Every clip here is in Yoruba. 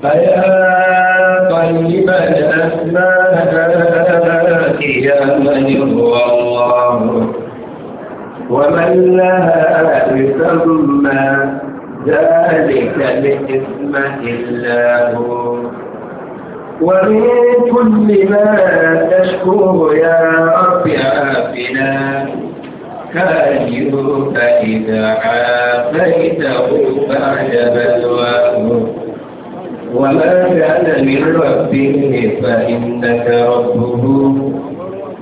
فيا طيب الأسماء يا من هو الله ومن لها يسمى ذلك الاسم إلا هو ومن كل ما تشكوه يا رب عافنا كاجر إذا عافيته بعد بلواه وما كان من ربه فإنك ربه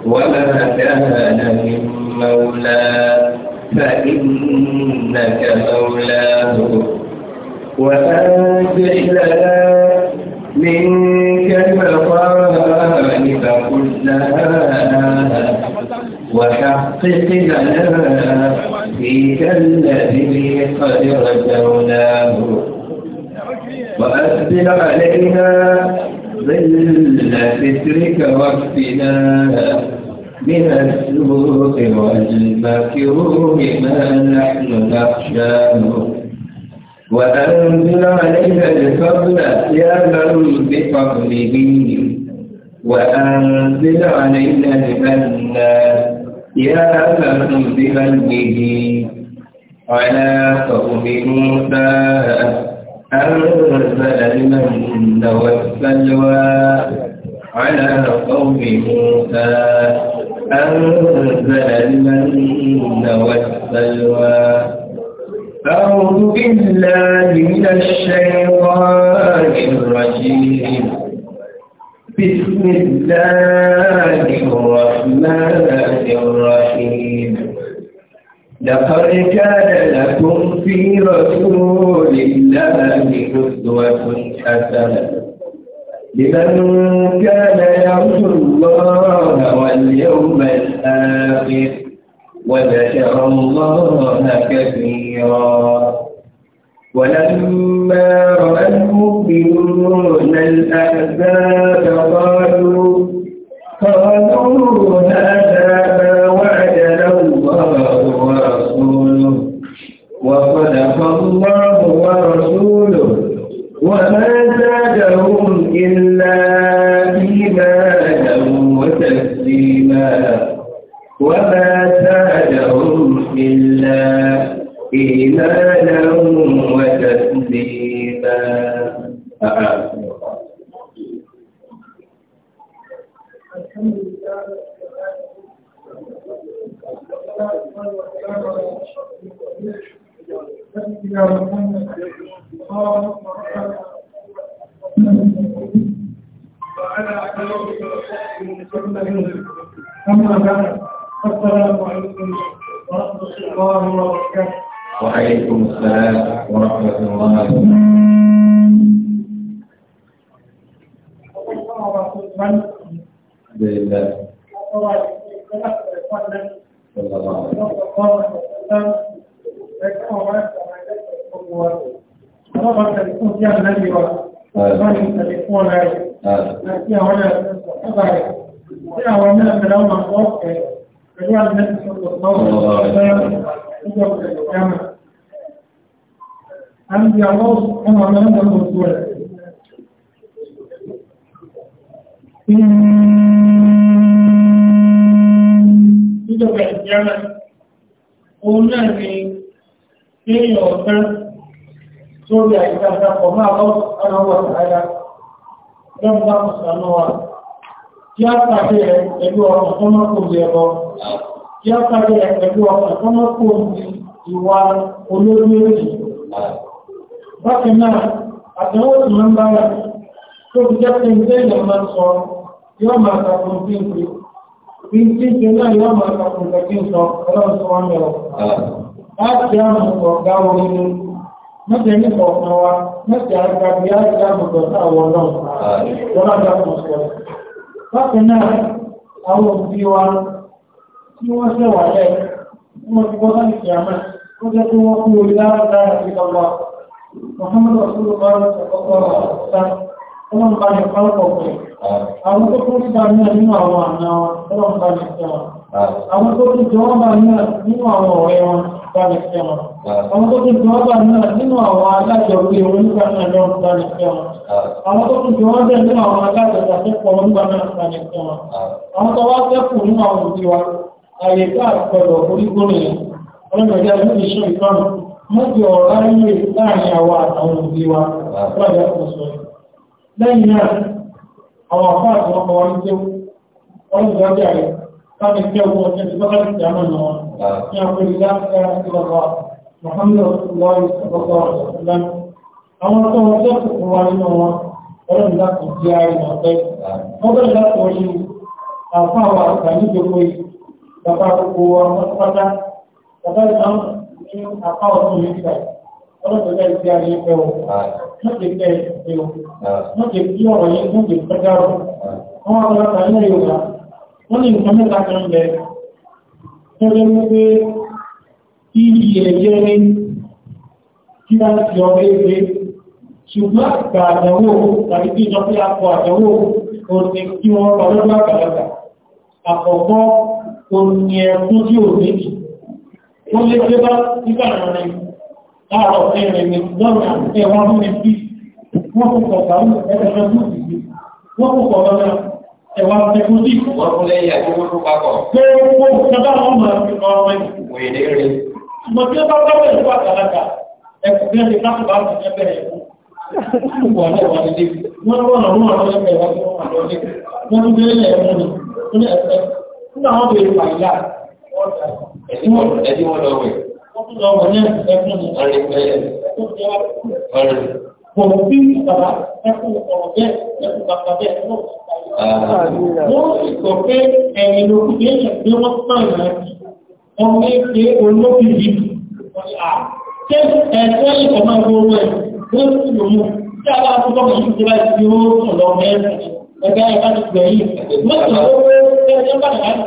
وما كان من مولى فإنك مولاه وأنزل لنا منك المطالب لها وحقق لنا فيك الذي قد رجوناه وأسبل علينا ظل سترك وقتنا من السوق والمكروه ما نحن نخشاه وأنزل علينا الفضل يا من بفضله وأنزل علينا المنى يا من بمنه على قوم موسى أرسل المن والسلوى على قوم موسى أنزل المن والسلوى أعوذ بالله من الشيطان الرجيم بسم الله الرحمن الرحيم لقد كان لكم في رسول الله قدوة حسنة لمن كان يرجو الله واليوم الآخر وذكر الله كثيرا ولما رأى المؤمنون الأحزاب قالوا قالوا هذا الله ورسوله وما زادهم إلا إيمانا وتسليما وما زادهم إلا إيمانا وتسليما آه. إلى محمد صلى وعلى آله وصحبه أما بعد السلام عليكم ورحمة الله وبركاته وعليكم السلام ورحمة الله وبركاته لله صلى الله عليه وسلم وطبعا تكون فيها نجوى وطبعا تكون فيها ولا أبعد فيها ولا ملومة قوة فيها النبي صلى الله عليه وسلم يجب الإسلام أن يعوض أمر لنا الرسول Ìjọba ìjọba, òun náà ni, ní ọ̀tán lórí àìdáta pọ̀ máa lọ aláwọ̀ àìdá lọ́nà ìsànà wa kí a pàdé rẹ̀ pẹ̀lú ọmọ tó mọ́ kò lè ẹ̀rọ kí a pàdé rẹ̀ pẹ̀lú ọmọ tó mọ́ kò ní ìwà olórílẹ̀-èdè bákan náà àtẹ̀wò tí wọ́n bá rẹ̀ tó fi jẹ́ pé ilé ìyẹn máa sọ yóò máa takùn sí ìpè bí tí ń ṣe náà yóò máa takùn sí ìpè ọlọ́run tó wọ́n mẹ́rọ láti àwọn ọ̀gá orin mọ́tẹ̀ ní ọ̀kan wa mọ́tẹ̀ àgbàbí àgbàbọ̀tọ̀ sáwọn náà wọ́n àgbàbọ̀ sọ. Bákan náà, àwọn òbí wa tí wọ́n ṣẹ̀wà lẹ̀ wọ́n ti wọ́n láti kìí àmà ó jẹ́ kí wọ́n kú orí lára sí ọgbà. Mohammed Rasulu Bára ọkọ̀ ọ̀sán ọlọ́run bá ní ọ̀pọ̀lọpọ̀ pẹ̀. Àwọn tó kún sí ta ní ẹ̀mí àwọn àna wa ọlọ́run bá ní ọ̀pọ̀lọpọ̀. àwọn tó ti jọ ọ́bà náà nínú àwọn ọ̀rẹ́ wọn báni fẹ́ wọn àwọn tó ti jọ nínú àwọn wọn nígbà náà lọ fẹ́ wọn àwọn tó ti jọ nínú àwọn wọn nígbà náà fẹ́ wọn àwọn tó wá nínú àwọn òbí wa àyè ká àpẹẹrẹ mú láàrin àwa àtàwọn òbí wa كان يتجوز وكان يتبخل يعملنا يقول لا اله الا الله محمد رسول الله صلى الله عليه وسلم أما توجهت قوانينه ولم يكن جاهل وطيب فضل لا تولي أفاوى كان يجوي تفاق قوة مصفتة فضل أم أفاوى سميكا ولم يكن جاهل يقوى نجد كيف يقوى نجد يوم يجب تجارب أما لا تعنى يوم wọ́n ní nǹkan mẹ́ta kan bẹ tẹ́lẹ̀ wípé iyì ẹ̀jẹ̀ ní kí wọ́n ti ọ̀rẹ́ ìwé ṣùgbọ́n àgbà àdánwò tàbí kí ìjọ pé akọ àdánwò òní kí wọ́n lọ lọ́dún àgbàlagbà àkọ́kọ́ òní ẹ̀kún tí ò méjì wọ́n lé pé bá nígbà rẹ̀ láàárọ̀ ẹ̀rẹ̀ ní lọ́rùn àti ẹ̀wọ̀n mi bí wọ́n kò kọ̀ ẹwà tẹkùdí wọ́n fún lẹ́yìn àti wọ́n fún papọ̀. Gbogbo ìjọba wọn máa fi máa wọ́n mẹ́rin. Wèlé rẹ̀. Ìmọ̀ tí ó bá bá bẹ̀rẹ̀ fún àgbàlagbà, ẹkùn bí ẹni láti bá bẹ̀rẹ̀ yẹn bẹ̀rẹ̀ fún. Wọ́n lọ wà nílé. Wọ́n lọ wà lọ́wọ́ àwọn ẹgbẹ́ wọn tó wà lọ́lé. Wọ́n ń bẹ̀rẹ̀ yẹn mú ni. Wọ́n lọ ọ̀rọ̀ bí bàbá ẹkùn ọ̀rọ̀ bẹ́ẹ̀ ẹkùn bàbá bẹ́ẹ̀ náà. wọ́n sì sọ pé ẹ̀yìn lókù bí èèyàn gbé wọ́n pààyàn àti ọmọ ẹgbẹ́ olókùn yìí ṣé ẹ̀fẹ́ ìkọ̀ máa gbọ́ owó ẹ̀ ló sì lò mú tí a bá tó bọ́ mọ̀ nípa tí ó sùn lọ mẹ́rin ẹgbẹ́ ẹ̀ka ti gbẹ̀ yìí. wọ́n sì lọ́wọ́ pé ẹgbẹ́ bá dàgbà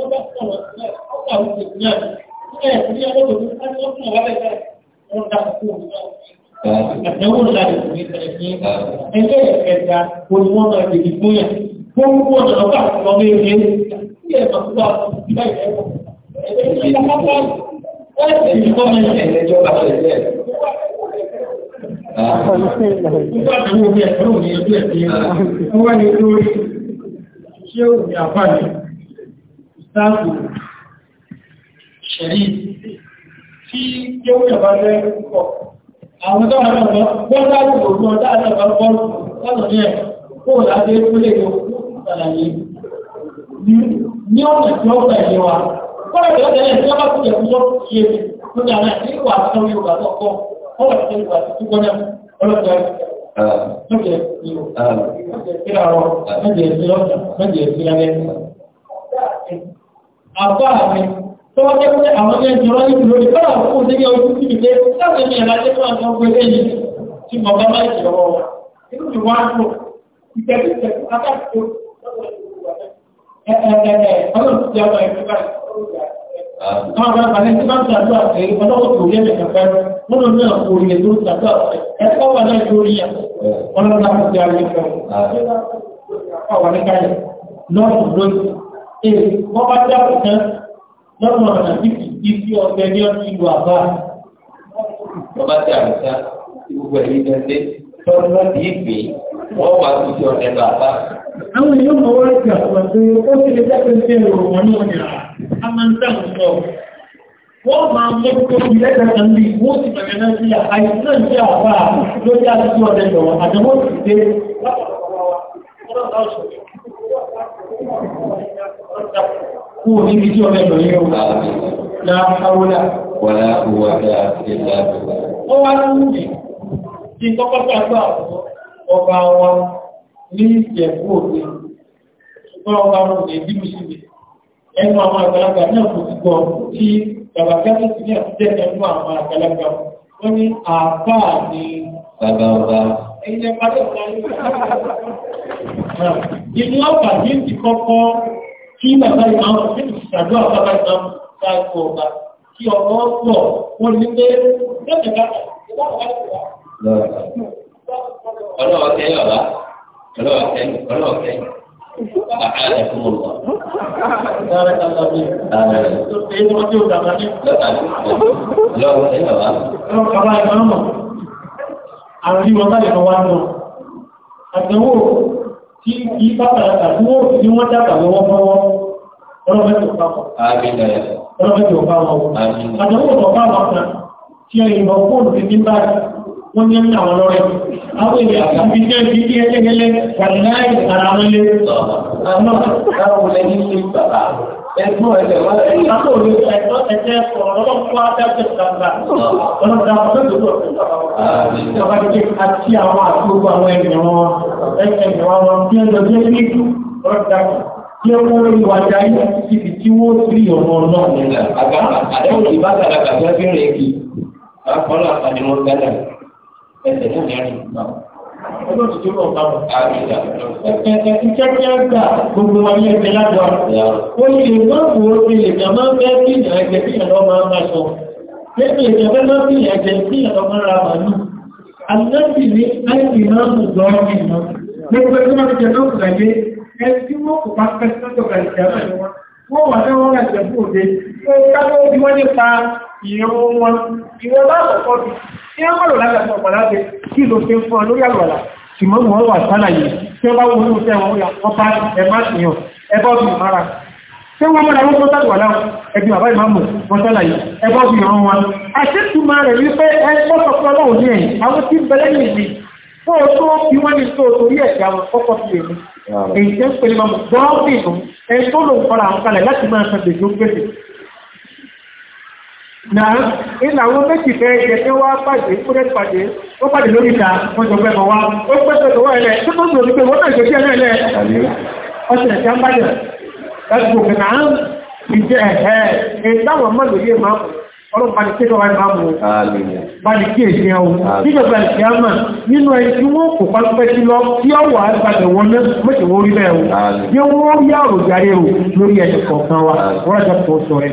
ó bá sọ̀rọ̀ sílẹ̀ ó kà ó sì sílẹ̀ ẹ̀wọ̀n láti fi ẹ̀yìn ẹgbẹ́ ẹ̀kẹta olùwọ́n máa tètè fún yà tó ń kó ọ̀nà ọ̀gá àtúnwọ́n ní ilé tí ẹ̀ máa gbà ìgbà ìrẹ́pọ̀ ẹgbẹ́ ìjọba ẹgbẹ́ ìjọba ẹgbẹ́ ìjọba ẹgbẹ́ ìjọba ẹgbẹ́ Tí yóò yàbá lẹ́rù púpọ̀ àwọn tó wà lọ́wọ́ bọ́ọ̀lá láti pélé ló ṣàlàyé ní ọ̀nà tó wá jẹ́ pé àwọn ẹgbẹ́ ìjọba ní ìlú ìfẹ́ àwọn fún òṣèlú ọdún sí ìgbé láti ní ẹ̀rọ ajé fún àwọn ọgbẹ́ lẹ́yìn tí mo bá máa jẹ́ ọwọ́ wa inú mi wá lò ìtẹ́lẹ̀ ìtẹ́lẹ̀ akáàkiri ọlọ́run ti jẹ́ ọmọ ẹgbẹ́ báyìí àwọn ọmọ àgbàlẹ̀ tí máa ń ṣàdúrà pé ọlọ́wọ́ tó yẹ mẹ́ta fẹ́ wọ́n lọ́nà kò rí ètò ìṣàdúrà ẹ̀kọ́ wà náà tó rí ọlọ́run láti jẹ́ alẹ́ fẹ́ ọ̀wà ní káyọ̀ lọ́ọ̀tún lóyún. èè wọ́n bá dáàbò tán lọ́nà ọ̀nà tí kì í fi ọ̀gbẹ́ ní ọdún ìlú àbá. Bàbá ti àrùsá tí gbogbo ẹ̀rí dẹ́dẹ́ tọ́lú láti ìgbé wọ́n wà tó fi ọ̀dẹ bàbá. Àwọn èèyàn máa wá ìgbà wọn tó ó ti lè dákẹ́ sí ẹ̀rọ wọn náà ní a máa ń dáhùn sọ. Wọ́n máa ń mọ́ tó fi lẹ́gbẹ̀ẹ́ kan bí wọ́n ti bẹ̀rẹ̀ náà sí àìsàn sí àbá lórí àtúntò ọ̀dẹ̀ jọ̀wọ́ àdánwò sì dé lápapọ̀ kú níbi tí ọmọ ẹ̀lọ́ yóò láàáwọ́lá wọ́lá òwàdá ìlà ó wá lórí mi kí tọ́kọ́tà gbà ọba wa ní ìjẹ̀kú òfin ṣùgbọ́n ọba wọn lè bí mi sí mi ẹnu àwọn àgbàlagbà náà kò ti gbọ́ tí bàbá kẹ́kẹ́ sí ní àtijọ́ ẹnu àwọn àgbàlagbà wọ́n ní àbá ni bàbá ọba ẹ̀yẹ padà Inú ọ̀pàá ní ti kọ́kọ́ kí bàbá ìmáwọn sí ìṣàdó àbábá ìmáwọn sáàkó ọba kí ọmọ pọ̀ wọ́n ní pé ọlọ́ọ̀kẹ́ yọ̀lá ọlọ́ọ̀kẹ́ ọlọ́ọ̀kẹ́ àkàlẹ̀ fún ọmọ. Lọ́wọ́ ẹ̀yọ̀lá àwọn ìwọ̀n bá lè kan wá náà àtẹ̀wò tí kí pápàlátà tí wọ́n fi wọ́n dàgbà lọ́wọ́ fọ́wọ́ ọlọ́mẹ́tò pápọ̀ ọlọ́mẹ́tò pápọ̀ àtẹ̀wò tó pápọ̀ kan tí ẹ ìmọ̀ fóònù ti ní báyìí wọ́n ní ẹ̀mí àwọn lọ́rẹ̀ àwọn èèyàn àti ìjẹ́ ìdíkí ẹlẹ́gẹ́lẹ́ wà ní láì ara wọn lé Ẹ̀gbọ́n ẹ̀jẹ̀ wọ́n rẹ̀ ní àtò òní ẹ̀tọ́ ẹ̀jẹ̀ sọ̀rọ̀ lọ́wọ́ fún abẹ́jẹ̀ gbangba. Ọlọ́mọdé àwọn ọ̀dọ́ tó rọ̀ ìjọba dídé àti àwọn àtúgbò àwọn ènìyàn wọn ẹ̀jẹ̀ wọn wọn bí ẹjọ́ bí ẹni jù lọ́dà tí ó wọ́n lórí wa jẹ́ ayé síbi tí wọ́n rí ọmọ náà nílẹ̀. Àgbà àdéhùn ìbátan àgbà tó ń fi rìn kí. Àwọn ọlọ́pàá ni wọ́n gbẹ́dà ẹ̀jẹ̀ náà ọlọ́run tó rọ̀ bá wọn. Ìkẹ́kẹ́ gbà gbogbo ayé ẹgbẹ́ lágbà. Ó lè má wo ilé ìjà máa ń bẹ́ kí ìyàn ẹgbẹ́ kí ìyàn ọmọ máa sọ. Lẹ́gbẹ̀ẹ́ ìjà bẹ́ máa kí ìyàn ẹgbẹ́ kí ìyàn ọmọ ra màálù. Àlọ́sì ní láìpì náà ń gbọ́ ọmọ ìmọ̀. Gbogbo ẹgbẹ́ máa jẹ náà gbàgbé. Ẹ tí wọ́n kò bá fẹ́ sọ́jọ́ gbàgbé wọ́n wà náà wọ́n rẹ̀ fún òde ó ìmọ̀mù wọn wà sálàyé tí ó bá wọ́n ní oṣù ẹ̀wọ̀n ọba ẹ̀má ìyàn ẹbọ́ bí mara tí wọ́n mọ́ra wọ́n tó sàtìwà láwọn ẹbí bàbá ìmáàmù wọn sálàyé ẹbọ́ bí ọ̀run wọn àṣẹ́tùmọ̀ rẹ̀ wípé ẹgbọ́sọ̀kọ́ ọlọ́run ní ẹ̀yìn àwọn tí bẹ̀rẹ̀ ní ìdí fún ọtọ́ bí wọ́n ní tó torí ẹ̀ṣẹ̀ àwọn kọ́kọ́ sí èmi èyí tẹ́ ń pè ní máa sàgbèjì náà ilẹ̀ àwọn méjì fẹ́ jẹ́ wá pàdé kúrẹ́ pàdé ó pàdé lórí ìta wọ́n jọ pẹ́ wá ó pẹ́sẹ̀ tó ẹlẹ́ tó tó tó wípé wọ́n náà jẹ́ ẹlẹ́ ẹlẹ́ ọ̀sẹ̀ ẹ̀sẹ̀ ń bàjẹ̀ láti gòkè náà ń jẹ́ ẹ̀ẹ́ bá ní kí èsì ẹ̀hùn nínú ẹni tí wọ́n kò pàṣẹ sí lọ tí ó wà àgbàdẹ̀ wọn náà mọ́tẹ̀wọ́ orí wọ́n rí àròjàre o lórí ẹ̀ṣẹ̀ kọ̀ọ̀kan wa wọ́n rájọ́ tó ẹ̀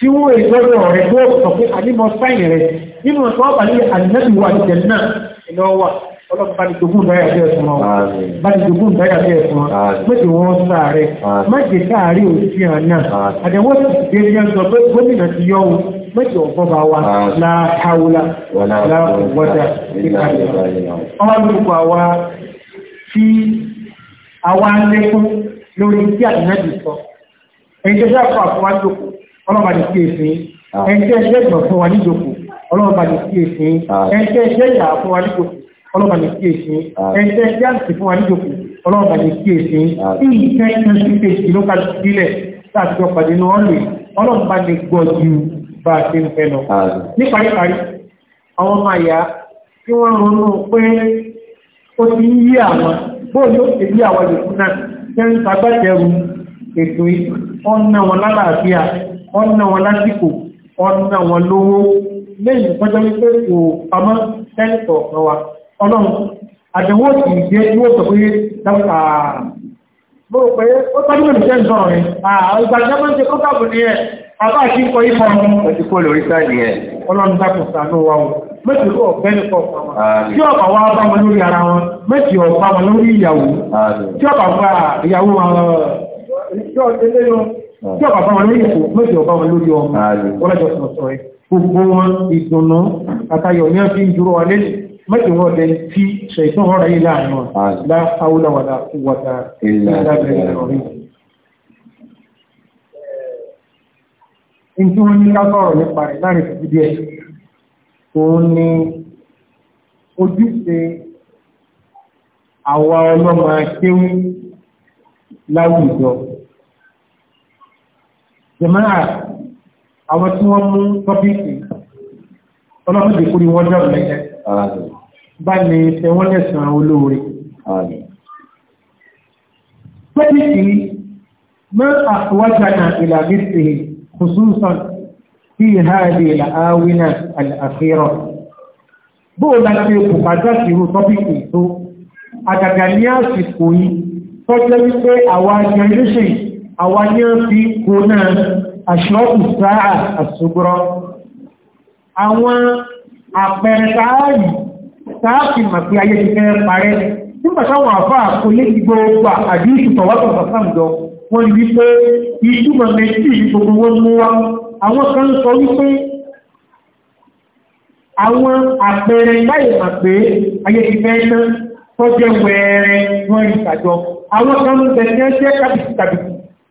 tí wọ́n èyí lọ́dọ̀ rẹ̀ tó sọ pé ànímọ̀ sáyìn rẹ̀ nínú ọ̀sán ọ̀pá ní ànínábì wà ní jẹ̀nà ìlọ́wà ọlọ́pàá ní jogún náírà bí ẹ̀sùn wọn bá ní jogún náírà bí ẹ̀sùn wọn méjì wọn sáàrẹ méjì sáàrí òsì àná àdẹ̀wọ́ sì ti dé ní ọjọ́ pé gómìnà ti yọ ohun méjì ọ̀gbọ́ba wa láhàúlá láhùwọ́dà ìkàlẹ̀ ọlọ́pàá àwa tí àwa lékún lórí tí ànínábì sọ ẹ̀yìn tó sáà fún àfọwájókòó ọlọ́ba ní sí èsìn ah. ẹ̀ńtẹ́ ẹ̀jẹ̀ ìgbà fún wa níjòkó ọlọ́ba ní sí èsìn ah. ẹ̀ńtẹ́ ẹ̀jẹ̀ ìyà fún wa níjòkó ọlọ́ba ní sí èsìn ah. ẹ̀ńtẹ́ ẹ̀jẹ̀ àti fún wa níjòkó ọlọ́ba ní sí èsìn ìyí kẹ́kẹ́ sí èsì ló kájú sílẹ̀ láti ọ̀pá nínú ọ̀lẹ̀ ọlọ́ba ní gbọ́ ju bá a ṣe ń fẹ́ lọ. nípa ìparí àwọn ọmọ àyà tí wọ́n ronú pé ó ti ń yí àwọn bóòlù ó ti yí àwọn ìlú náà jẹ́ ń sagbẹ́tẹ̀rù ètò ọ̀nà wọn lálàáfíà ọ̀nà wọn lásìkò ọ̀nà wọn lówó lẹ́yìn pẹ́jọ́ wípé kò pamọ́ tẹ́lẹ̀tọ̀ ọ̀kan wa ọlọ́run àdẹ̀wò sì jẹ́ yóò sọ pé dáfà mo rò pé ó tọ́jú mi ṣe ń sọ̀rọ̀ rẹ̀ àgbàjá máa ń ṣe kọ́kà bù ní ẹ̀ àbá àti ń kọ ifọ̀ ọ̀run ti kó lórí sáàdì ẹ̀ ọlọ́run dákùn o méjì ó ọ̀fẹ́ tí ọ̀bà wa bá wọn lórí ara wọn méjì ọ̀bá wọn lórí ìyàwó tí ọ̀bà wa ìyàwó wọn tí ọ̀pá bá wọn lórí ètò mẹ́jọ bá wọn lórí ọmọ ọlọ́jọ́ sọ̀sọ̀ ẹ̀ gbogbo wọn ìdùnnú àtayọ̀ ní ọdún dúró wa lẹ́nu mẹ́jọ wọn dẹ̀ tí ṣẹ̀tún ọ̀rọ̀ yìí láàrin wọn láfáwọ́láwọ́lá wọ́ta ìlàbẹ̀rẹ̀ ọ̀rẹ́ ìtí wọ́n ní lásọ̀rọ̀ nípa rẹ̀ láàrin títí díẹ̀ òun ni ojúṣe àwa ọlọ́mọ akéwú láwùjọ jẹmáà àwọn tí wọ́n mú tọ́pìkì ọlọ́mọdé kú ni wọ́n dọ̀rọ̀ lẹ́jẹ́ bá ní ẹwọ́n lẹ́sàn olóore tọ́pìkì mọ́ àfọwájánà ìlàbíṣe kùsùsàn fi hàdì ìlàáwínà àlàáfíìrọ̀ bóò láti òkùnkàjá sí irú tọ́pìkì tó àgàgà ní àsìkò yìí tọ́jọ́ wípé àwọn generation àwáyé fi kò náà àṣọ́kù sáà àṣùgbọ́rọ̀ àwọn àpẹẹrẹ sáàrì sáàfì màpí ayé ti fẹ́ parẹ́ nígbàtàwọn àfá kò lè gbogbo àdíṣù tọ̀wọ́tọ̀ sàfàǹdọ wọ́n rí pé ìtumọ̀ méjì gbogbo wọn mú wá àwọn kan sọ wípé àwọn àpẹẹrẹ láì màpé ayé ti fẹ́ tán tọ́jẹ́ wẹ̀ẹ́rẹ́ wọ́n ìtàjọ àwọn kan ń bẹ̀rẹ̀ jẹ́ tàbí tàbí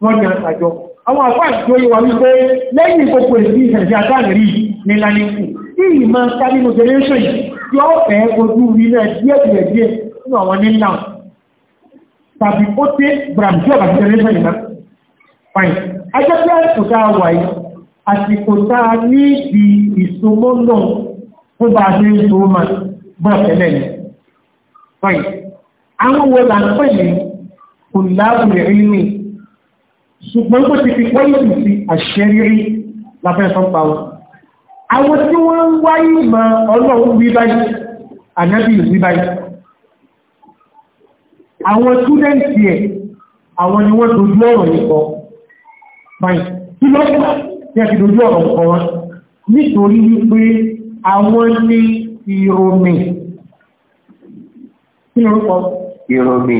wọ́n jẹ́ àjọ. Àwọn àpá ìjọyí wà wípé lẹ́yìn gbogbo èdè ìṣẹ̀jẹ̀ àtàrí ní Lánìkù, ìyí máa ta nínú generation tí ó fẹ́ ojú ilẹ̀ díẹ̀ díẹ̀ nínú àwọn ní náà. Tàbí ó tẹ́ Bramjọ́ àti generation náà. Fine. Ajẹ́ pé a wà yìí, àsìkò tá a ní ìdí ìsomọ́ náà fún bá a ṣe ń so máa bọ́ tẹ́lẹ̀ ni. Fine. Àwọn wo là ń pè ní kùnláàbù ìrìn ṣùgbọ́n tó ti fi pọ́lìtì sí àṣẹ́rírí lábẹ́ sọ́pá wọn àwọn tí wọ́n ń wáyé ma ọlọ́run wí báyìí ànábì wí báyìí àwọn túdẹ́ǹtì ẹ̀ àwọn ni wọ́n dojú ọ̀rọ̀ yìí kọ báyìí kí ló fún tí a ti dojú ọ̀rọ̀ kọ wọn nítorí wípé àwọn ní ìròmì kí ló rúkọ ìròmì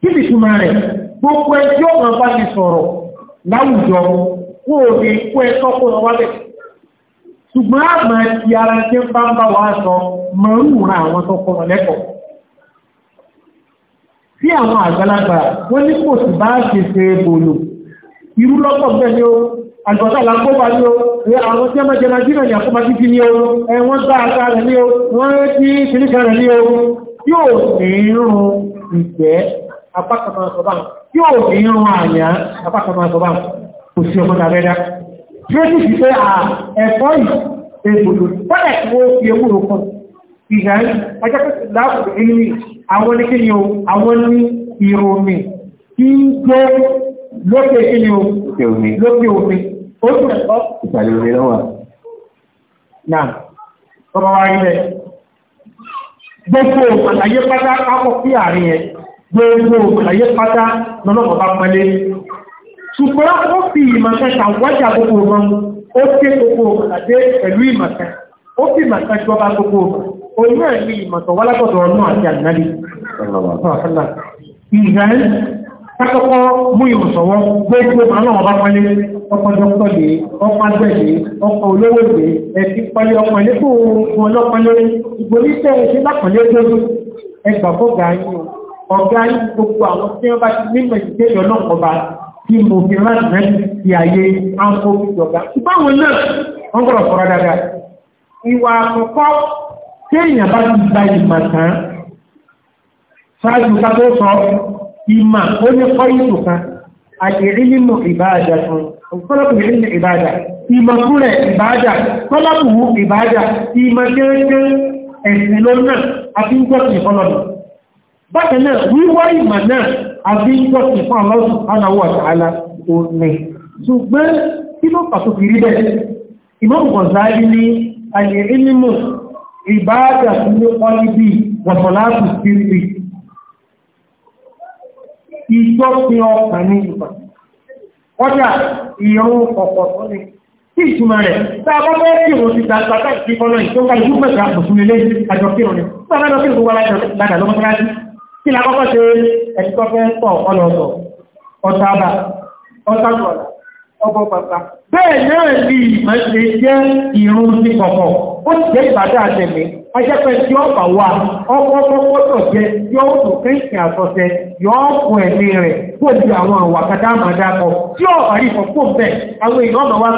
Kíbi ìtumọ̀ rẹ̀, gbogbo ẹjọ́ ọ̀nà bá ti sọ̀rọ̀ láwùjọ, kó o lè kó ẹ̀tọ́ kó lọ wálẹ̀. Ṣùgbọ́n àmà ti ara tí ń bá ń bá wa sọ, mọ̀rún ra àwọn tó kọ́ lẹ́kọ̀ọ́. Tí àwọn àgbàlagbà wọ́n ní kò sì bá ṣe ṣe bòlò, irú lọ́pọ̀ apákanmọ́ ọ̀sọ̀bá yóò ní irun àyà apákanmọ́ ọ̀sọ̀bá kò sí ọmọdé abẹ́dá tí ó sì fi pé à ẹ̀fọ́ ìgbòdò pọ́lẹ̀ tí ó fi ewúro kan ìgbà ẹjọ́ pẹ̀lú láàpù ilmi àwọn ní kíni o àwọn ní ìròmì tí ń jẹ́ lókè kíni o lókè omi ó sì ẹ̀kọ́ ìsàlẹ̀ omi lọ́wọ́ náà tọ́bọ̀ wáyé gbogbo àlàyé pátá kápọ̀ sí àárín ẹ̀ gbogbo àyè pátá lọ́lọ́pọ̀ bá pẹ́lẹ́ ṣùgbọ́n ó fi ìmọ̀kẹ́ tàwájà gbogbo wọn ó ké gbogbo àdé pẹ̀lú ìmọ̀kẹ́ ó fi ìmọ̀kẹ́ jọba gbogbo oyún ẹ̀mí ìmọ̀tọ̀ wá látọ̀dọ̀ ọ̀nà àti ànáli ìhàn kákọ́kọ́ mú ìmọ̀sọ̀wọ́ gbogbo àwọn ọba pẹ́lẹ́ ọkọ̀ dọ́kọ̀ lè ọkọ̀ agbẹ̀lẹ̀ ọkọ̀ olówó lè ẹ̀fí pẹ́lẹ́ ọkọ̀ ilé fún ọlọ́pẹ́lẹ́ ìgbòmíṣẹ́ ìṣẹ́lápẹ̀lẹ́ tó ẹgbàfọ́gà yìí ọ̀gá yìí gbogbo àwọn tí wọ́n bá ti nímọ̀ ìdílé ìyọ̀nà ọba tí mo fi rántí rẹ̀ ti àyè àwọn olùjọba. Ìbáwọn náà wọ́n gbọ́dọ̀ fọ́ra dáadáa. Ìwà àkọ́kọ́ tí èèyàn bá ti gba ìmọ̀ tán, ṣáájú ká tó sọ ìmọ̀ ó ní kọ́ ìlú kan, àìrí nínú ìbáàdà fún Tọ́lábù nínú ìbáàdà, ìmọ̀ fúnrẹ̀ ìbáàdà, tọ́lábù ìbáàdà, ìmọ̀ gẹ́gẹ́ ẹ̀sìn lọ́nà àti ń gbọ́sìn fọ́lọ́dún bákan náà wíwá ìmọ̀ náà àbí ìjọsìn fún Allah subhanahu wa ta'ala òní ṣùgbọ́n kí ló pàtó fi rí bẹ́ẹ̀ Imam Ghazali ní àyè ìlímù ìbáàdà ní ọlíbí wọ̀fọ̀láàbù sírí ìjọsìn ọkàn ní ìgbà ọjà ìrún ọ̀pọ̀ tó ní kí ìtumọ̀ rẹ̀ tá a bá fẹ́ kí òun ti dàgbà káàkiri kan náà ìtọ́ka ìlú mẹ́ta àpòsùn lélẹ́yìn àjọkírun ni tí a bá lọ sí ìlú wa lájà lọ́mọ́tàlá kí la kọ́kọ́ ṣe ẹ̀kọ́ fẹ́ pọ̀ ọlọ́ọ̀tọ̀ ọ̀tàbà ọ̀tàbọ̀lá ọgbọ̀ pàpà bẹ́ẹ̀ náà ní ìmọ̀ṣe jẹ́ ìrún sí kọ̀kọ̀ ó ti jẹ́ ìbàdá àtẹ̀mí ajẹ́pẹ́ tí ó bà wá ọkọ̀ pọ́pọ́tọ̀ jẹ́ tí ó kò kéèkì àtọ̀tẹ̀ yọ ọkùn ẹ̀mí rẹ̀ kó di àwọn àwà kàdá àmàdàkọ̀ tí ó bá rí ìfọ̀kó bẹ̀ àwọn èèyàn ọmọ wa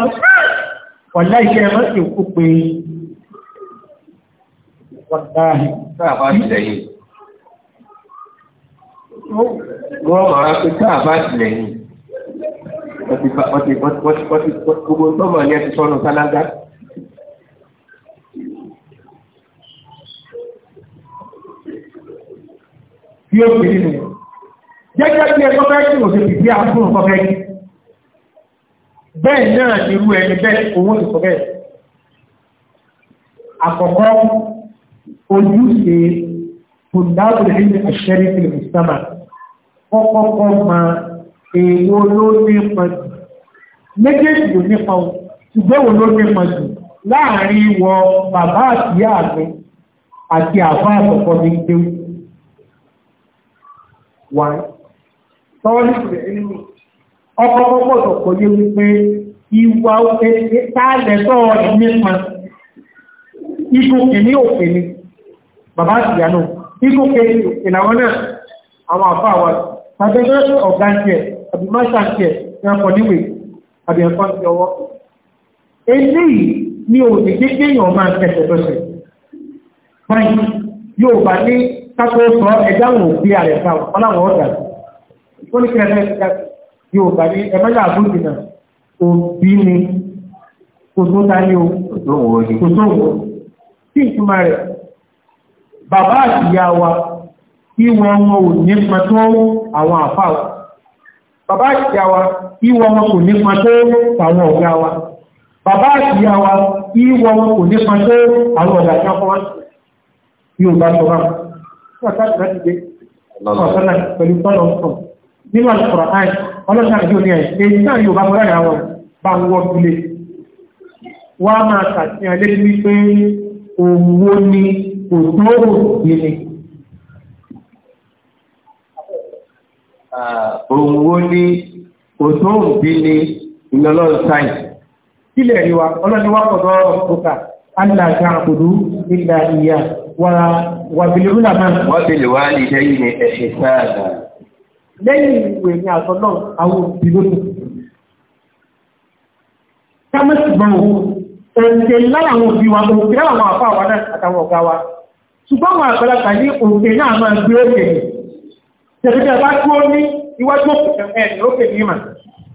wọ̀lá iṣẹ́ ẹ̀mọ́sì òkú pé wọ́n dáa wọ́n máa pé tá a bá tilẹ̀yìn gbogbo tọ́mọ ni ẹ ti sọnù sálágá. Bí ó fi nínú jẹ́jẹ́ bí ẹgbọ́n bẹ́ẹ̀ tí mo ṣe fìdí àbúrò kọ́ bẹ́ẹ̀ ni bẹ́ẹ̀ náà ti rú ẹni bẹ́ẹ̀ owó ti sọ bẹ́ẹ̀. Àkọ́kọ́ ojúṣe kò dábòlè nínú àṣẹ́rí fìlìmù sábà kọ́kọ́kọ́ ma èèyàn olóní pẹ̀lú méjèèjì ló nípa o ṣùgbọ́n wo ló nípa jù láàrin wọ bàbá àti ààrẹ àti àbá àkọ́kọ́ ní gbé wà tọ́lí ọkọ̀ pọ́pọ̀ tọ̀pọ̀ yé wípé ìwà òkèèrè tààlẹ̀ tọ́ọ̀ nípa ikú kìíní òkè ni bàbá àti ìyá náà ikú kìíní òkè làwọn náà àwọn àfáà wà sí Àbẹ̀bẹ̀ ọ̀gá ń tiẹ̀, àbí máṣà ń tiẹ̀, ẹ̀kọ́ ti ọwọ́. Eléyìí ni ò ní kéèké èèyàn máa ń tẹ̀sẹ̀ lọ́sẹ̀. yóò bá ní kákó sọ ẹ̀dá wọn ààrẹ fà wọn ọ̀dà. Ó bàbá àti ìyá wa ìwọ ọmọ ò nípa tó àwọn àfà wa bàbá àtìyà wa ìwọ ọmọ kò nípa tó àwọn ọ̀gá wa bàbá àtìyà wa ìwọ ọmọ kò nípa tó àwọn ọ̀gá tí wọ́n kọ́ wá yóò bá sọ báwọn wọ́n sá láti gbé ọ̀sán náà pẹ̀lú tọ́lọ̀ ọ̀sán nínú àlùkọ̀rọ̀ àì ọlọ́sàn àti òní àì èyí náà yóò bá mọ́lá àwọn bá ń wọ́ òun wo ni òtún òrò yìí òun wo ní òtún òbí ní ìlọlọ́run sáì sílẹ̀ rí wa ọlọ́ni wá pọ̀ tọ́rọ̀ òkà alá káàkùdú nígbà ìyá wàbílẹ̀ rúlàmá wàbílẹ̀ wà ní lẹ́yìn ẹ̀ṣẹ̀ sáàdà lẹ́yìn ìwé ní àtọ́ náà àwọn òbí lónìí kámẹ́sì gbọ́n òun lára àwọn òbí wa òǹtẹ̀ lára àwọn àfáà wa náà àtàwọn ọ̀gá wa ṣùgbọ́n àwọn àgbàlagbà ní òǹtẹ̀ náà máa gbé òkè Tẹ̀lẹ́tẹ̀ bá kú ó ní iwájú òkùnkùn ẹ̀rìn lókè ní ìmọ̀.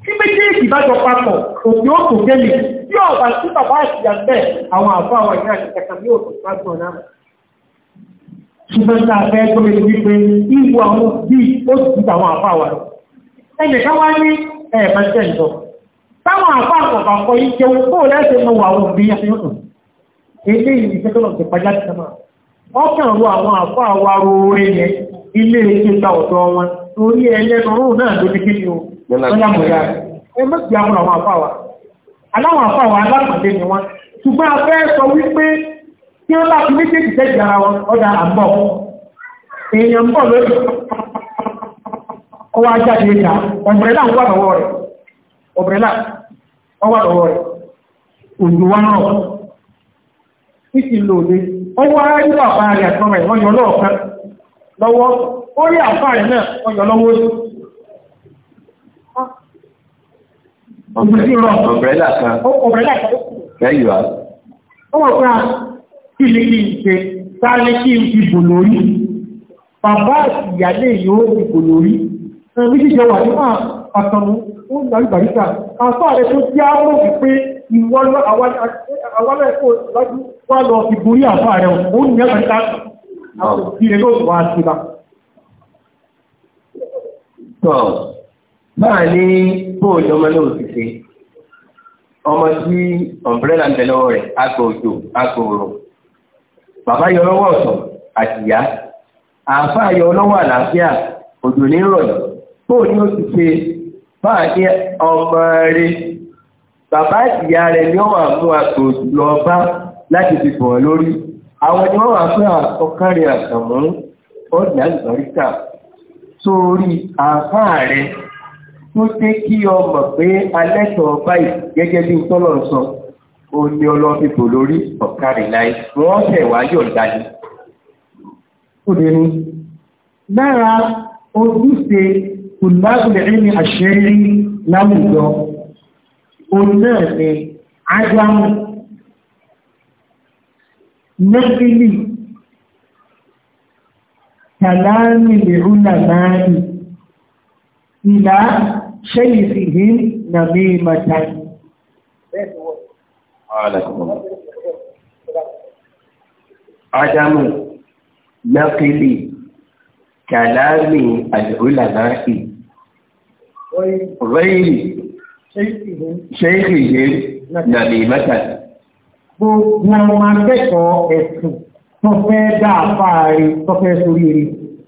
Tí méjèèjì bá jọ papọ̀, òkè ó kò gẹ́lì, tí ó bá sí bàbá àti àgbẹ̀ àwọn àbọ̀ àwọn ìyá àti kẹta ní òkè gbágbọ̀n náà. Ṣùgbọ́n tá a fẹ́ gbọ́mọ̀ ní wípé ìwọ àwọn òbí ó sì ti àwọn àbọ̀ àwọn. Ẹnì kan wá ní ẹ̀ẹ̀mọ́ jẹ́ ìjọ. Táwọn àbọ̀ àkọ̀kọ̀ àkọ́ yìí jẹun kó lẹ́sẹ̀ mọ àwọn òbí àfihàn. Èyí ìṣẹ́kọ̀ọ́ ti pàjáde sẹ́mà. Ọkàn ro àwọn àbọ̀ àwọn aroore yẹn ilé ìṣẹ́ta ọ̀tọ̀ wọn torí ẹlẹ́tọ̀rún náà ló o lọ́yàmọ̀yà ẹ mọ́sí àwọn àwọn àfáwà àfáwà ni a sọ wípé ó láti wọn èèyàn ń bọ̀ lórí ọwọ́ ìjà ọ̀bẹ̀rẹ̀lá ń wà lọ́wọ́ rẹ̀ ọ̀bẹ̀rẹ̀lá lọ́wọ́ rẹ̀ òjò wá náà ní lòdì ọwọ́ aráyé wà bá rẹ̀ wọ́n yọ lọ́ọ̀kan lọ́wọ́ ó rí àfáàrí náà ọjọ́ lọ́wọ́ sí. ọ̀bẹ̀rẹ̀lá kan lẹ́yìn wá. ó wọ́n pẹ́ kí ní kí n ṣe sáré kí n fi bò lórí bàbá ìyálé yóò fi bò lórí ẹni tí jẹ wà ní máa pàtàkì ó ń darí bàríkà àfáàrẹ tó tí á mọ̀ wípé ìwọ́n àwọn ẹ̀kọ́ wá lọ fi borí àfáàrẹ òun ní ẹ̀kọ́ Báà ní bóòlù ọmọ náà òṣìṣẹ́, ọmọ tí ọ̀mbrẹ́là ń bẹ̀lọ́ rẹ̀ agbò òjò agbò òrò. Bàbá yọ lọ́wọ́ ọ̀tọ̀ àtìyá, àáfà yọ lọ́wọ́ àlàáfíà, òjò ní rọ̀lọ̀. Bóòlù òṣìṣẹ́ báà ní ọmọ rẹ̀, bàbá àtìyá rẹ̀ ni ó wà mú agbò òjò lọ bá láti fi bọ̀ lórí àwọn ẹni wọ́n wà fún àkọkárí àtàmú ọ̀dà àgbàríkà sórí àfáà rẹ tó jẹ́ kí ọ mọ̀ pé alẹ́tọ̀ báyìí gẹ́gẹ́ bí tọ́lọ̀ sọ ó ní ọlọ́bìbò lórí ọ̀kárí láì wọ́n fẹ̀ wá yọ̀ǹda ni. obìnrin lára ojúṣe kùnlágùnrin ní àṣírí nẹ́bílì kàlámì lèrúnà láàrin ìlà ṣẹ́yìfìhín na mẹ́màtà Adamu nẹ́bílì kàlámì lèrúnà láàrin غير شيخهم نميمة gbogbo ọmọ akẹ́kọ̀ọ́ ẹ̀sùn tó fẹ́ dá àfáà rí tó fẹ́ sórí rí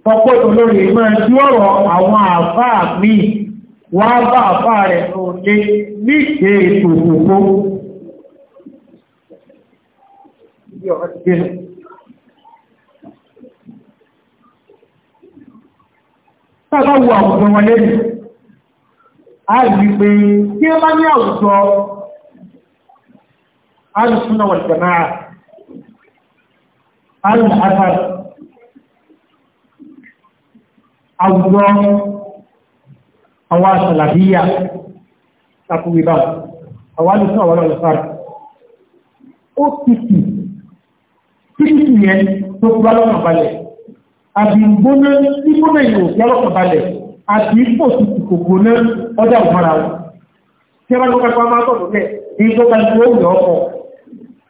ọ̀pọ̀ olórin máa tí ọ̀rọ̀ àwọn àfáà mi wá bá àfáà rẹ̀ tó lé níṣe ètò òkòkó Tàbá wo àwùjọ wọn lẹ́nu, a rí pé kí ó bá ní àwùjọ alùsùnà wal jamaa alùhàtàr àwùjọ àwọn àṣàlàbíyà takùwìbá àwọn alùsùnà wal ọlọ́sàr ó kìkì kìkì yẹn tó gbá lọ́nà balẹ̀ àbí gbóná tí gbóná yìí ò gbá lọ́nà balẹ̀ àti ipò tuntun kò gbóná ọjà òmàrà wọn tí a bá lọ́pàá máa tọ̀dọ̀ bẹ́ẹ̀ èyí tó ga ju ó yọ ọkọ̀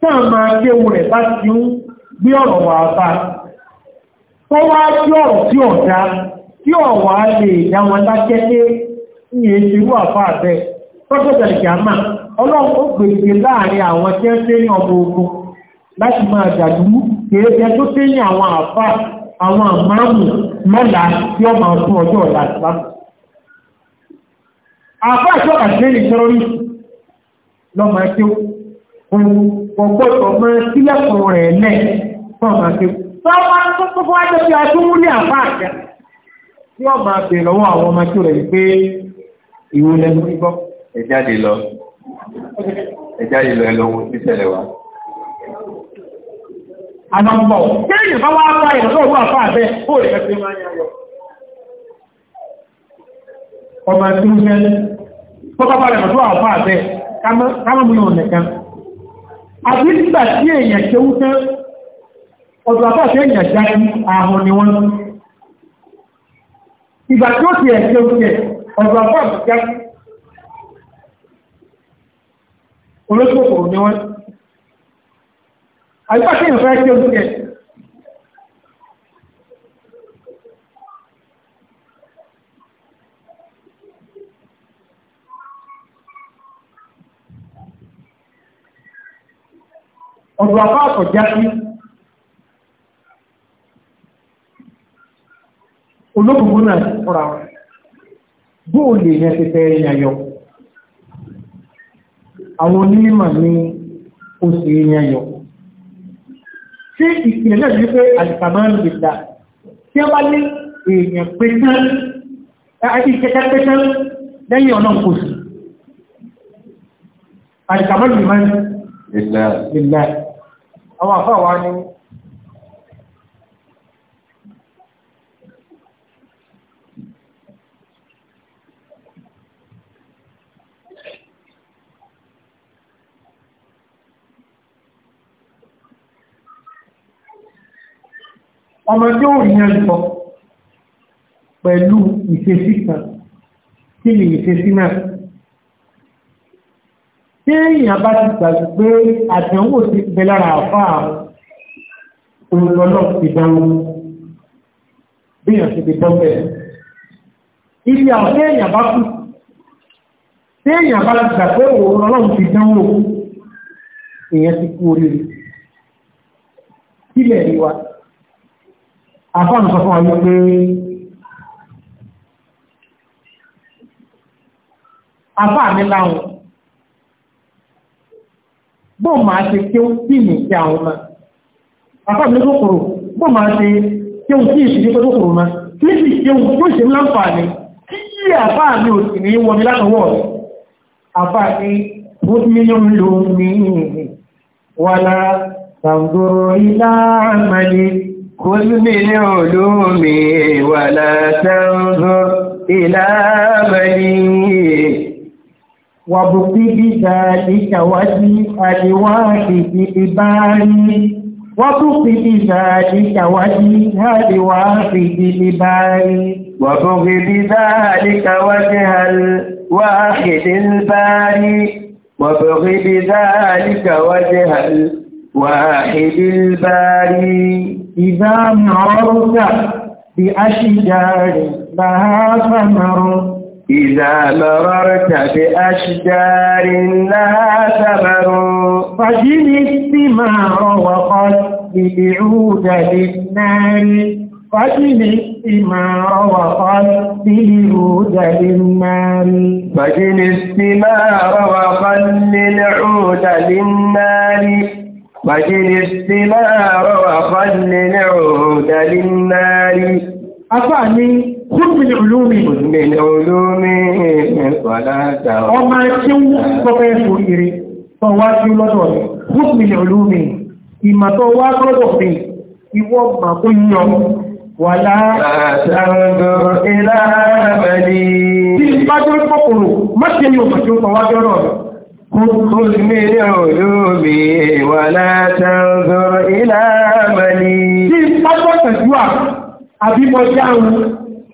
táà máa gbé ohun rẹ̀ bá ti ń gbé ọ̀rọ̀ wà bá tó wá tí ọ̀rọ̀ tí lè dá wọn lájẹ́ nye ní èṣirú àfá àbẹ́ tọ́gbẹ̀tẹ̀ ìjàmà ọlọ́run ó gbèsè láàrin àwọn tí ó ṣe ní ọmọ ogun láti máa dàdúrú kéèké tó ṣe ní àwọn àwọn mọ́là tí ó máa fún ọjọ́ ọ̀la ọgbọ́dọ̀ máa sílẹ̀kùn rẹ̀ lẹ̀ fún ọmọ akéwù. Sọ́wọ́n tó fún wájú bí adúmú ní àbá àgbà tí wọ́n máa bèèrè lọ́wọ́ àwọn ọmọ tó rẹ̀ pé ìwò lẹ́nu gbígbọ́. Ẹ jáde lọ, ẹ jáde lọ ẹlọ́wọ́ sí tẹ̀lẹ̀ wa. Àlọ́pọ̀, kéèyàn bá wá bá ìrọ̀lọ́ òwú àfá àbẹ́ ó rẹ̀ fẹ́ máa ń yọ. Ọmọ tó ń fẹ́, tó bá bá rẹ̀ lọ́dọ̀ àfá àbẹ́ ká mú ìwọ̀n nìkan àbí nígbà tí èèyàn ṣe wú tẹ́ ọ̀dọ̀ àtàṣe èèyàn jáde ààrùn ni wọ́n ìgbà tí ó ti ẹ̀ṣẹ́ oúnjẹ ọ̀dọ̀ àtàṣe jáde olóṣòwò ni wọ́n àyíká tí èèyàn fẹ́ ṣe oúnjẹ ọ̀dọ̀ àbá àkọ̀já sí náà fọ́ra wọn o lè yẹn ti fẹ́ yẹnyọ àwọn onímọ̀ ní oṣù yẹnyọ tí ìpìlẹ̀ náà ní pé àlìkàmọ́ ń lè dà tí wọ́n bá ní èèyàn pé tán àti ìṣẹ́kẹ́ pé tán lẹ́yìn ọ̀nà kò sí àlìkàmọ́ lè máa ń lè lè àwọn àfáàwà ni ọmọ tí ó rí ẹjọ́ pẹ̀lú ìfẹ́sí kan kí ni ìfẹ́sí náà tí èèyàn bá ti gbàgbé pé àdánwò ti bẹ lára àfá olùlọ́lọ́ ti dánwò bí èèyàn ti fi dánwò ibi àwọn èèyàn bá kú tí èèyàn bá ti gbàgbé òun ọlọ́run ti dánwò èèyàn ti kú oríire sílẹ̀ rí wa àfá ń sọ fún wa wípé àfá mi láwọn bó máa ṣe kí ó bí mi kí àwọn ọmọ bàbá mi tó kòrò bó máa ṣe kí ó sí ìṣẹ́jú tó kòrò máa kí sì kí ó tó ṣe láǹfààní kí yí àbá mi ní wọ látọwọ́ rẹ̀ àbá mi ló ń lo wàlá tàǹgòrò ilá àmàlẹ́ kò ní ní olómi wàlá tàǹgòrò ilá àmàlẹ́ وابق بذلك وجه لواحد إباري وابق بذلك وجه لواحد إباري وابق ذلك وجه الواحد الباري وابغ بذلك وجه الواحد الباري إذا مررت بأشجار لها ثمر إذا مررت بأشجار لها ثمر فجل الثمار وقد بعود للنار فجل الثمار وقد بعود للنار فجل الثمار وقد العود للنار فجل الثمار وقد العود للنار أفعني Kúrò ní olómi. Ní olómi ìpàdátà. Ọmọ tí ó sọpẹ́ fún ìrì tó wá sí lọ́dọ̀ rẹ̀. Kúrò ní olómi ìmàtọ̀ wá lọ́dọ̀ rẹ̀. Ìwọ mà kó yọ wà láàá Kúrò ní olómi wà látàrùn-ún ìlàmàlì. Tí pápọ̀ tẹ̀síwà, àbímọ̀ jáun,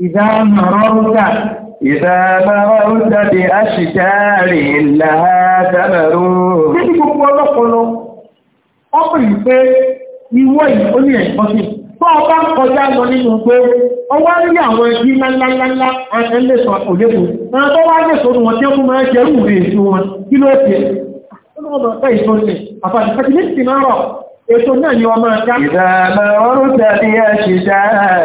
إذا مررت إذا مررت بأشجار لها ثمر Níbi gbogbo ọlọ́pọ̀lọ́, ó pè ní pé ìwọ ìfò ní ẹ̀kọ́ sí. Tó o bá ń kọjá lọ nínú pé ó wá rí àwọn ẹbí ńláńláńlá ẹlẹ́sọ̀ òlébù. Ẹran tó wá lè sọ́nù wọn tí ó fún mọ́ ẹjẹ́ rú rèé sí wọn kí ló ṣe. Ó lọ́wọ́ bẹ̀rẹ̀ ìṣòro ní àfàdìkàtì ní ìsìn náà rọ̀. Ètò náà ni ọmọ ẹ̀ká. Ìdàmà ọrún tàbí àṣìṣà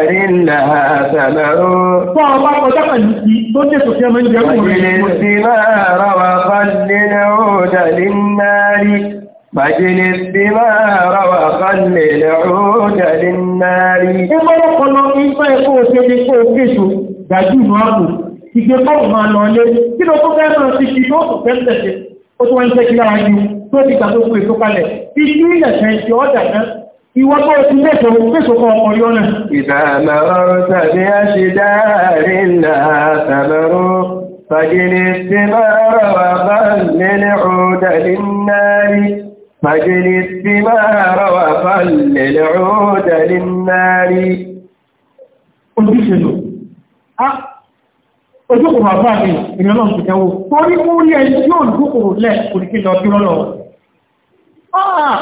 rí nà àtàmàró. Fọ́n ọba kọjá pẹ̀lú sí tó jẹ́ tó fẹ́ mọ́ ń jẹ́ ọmọ rẹ̀. Ìjìnlẹ̀ sí máa rọwà fàndínà ó dàlí náàrí. sí máa rọwà fàndínà ó dàlí náàrí. Ó mọ́rọ̀ kọlọ ìfẹ́ ẹ̀kọ́ òṣèlú kó kéṣù dájú ìlú àpò. Ìgbé máa lọ lé. Kí ló tó fẹ́ tó ti gbà tó kú èso kalẹ̀ ìdí ìlẹ̀sẹ̀ ìṣe ọjà náà ìwọ́n tó ti mẹ́sọ̀ mẹ́sọ̀kọ́ ọmọ yọ náà. ìdàmà ọ̀rọ̀ tàbí àṣìdá àrínà àtàmọ́rú fàjìlì sí máa wà ojúkòrò àbá mi ìrìn náà ti kẹwò torí mú rí ẹni yóò dúkòrò lẹ òdìkí lọ sí rọlọ ah!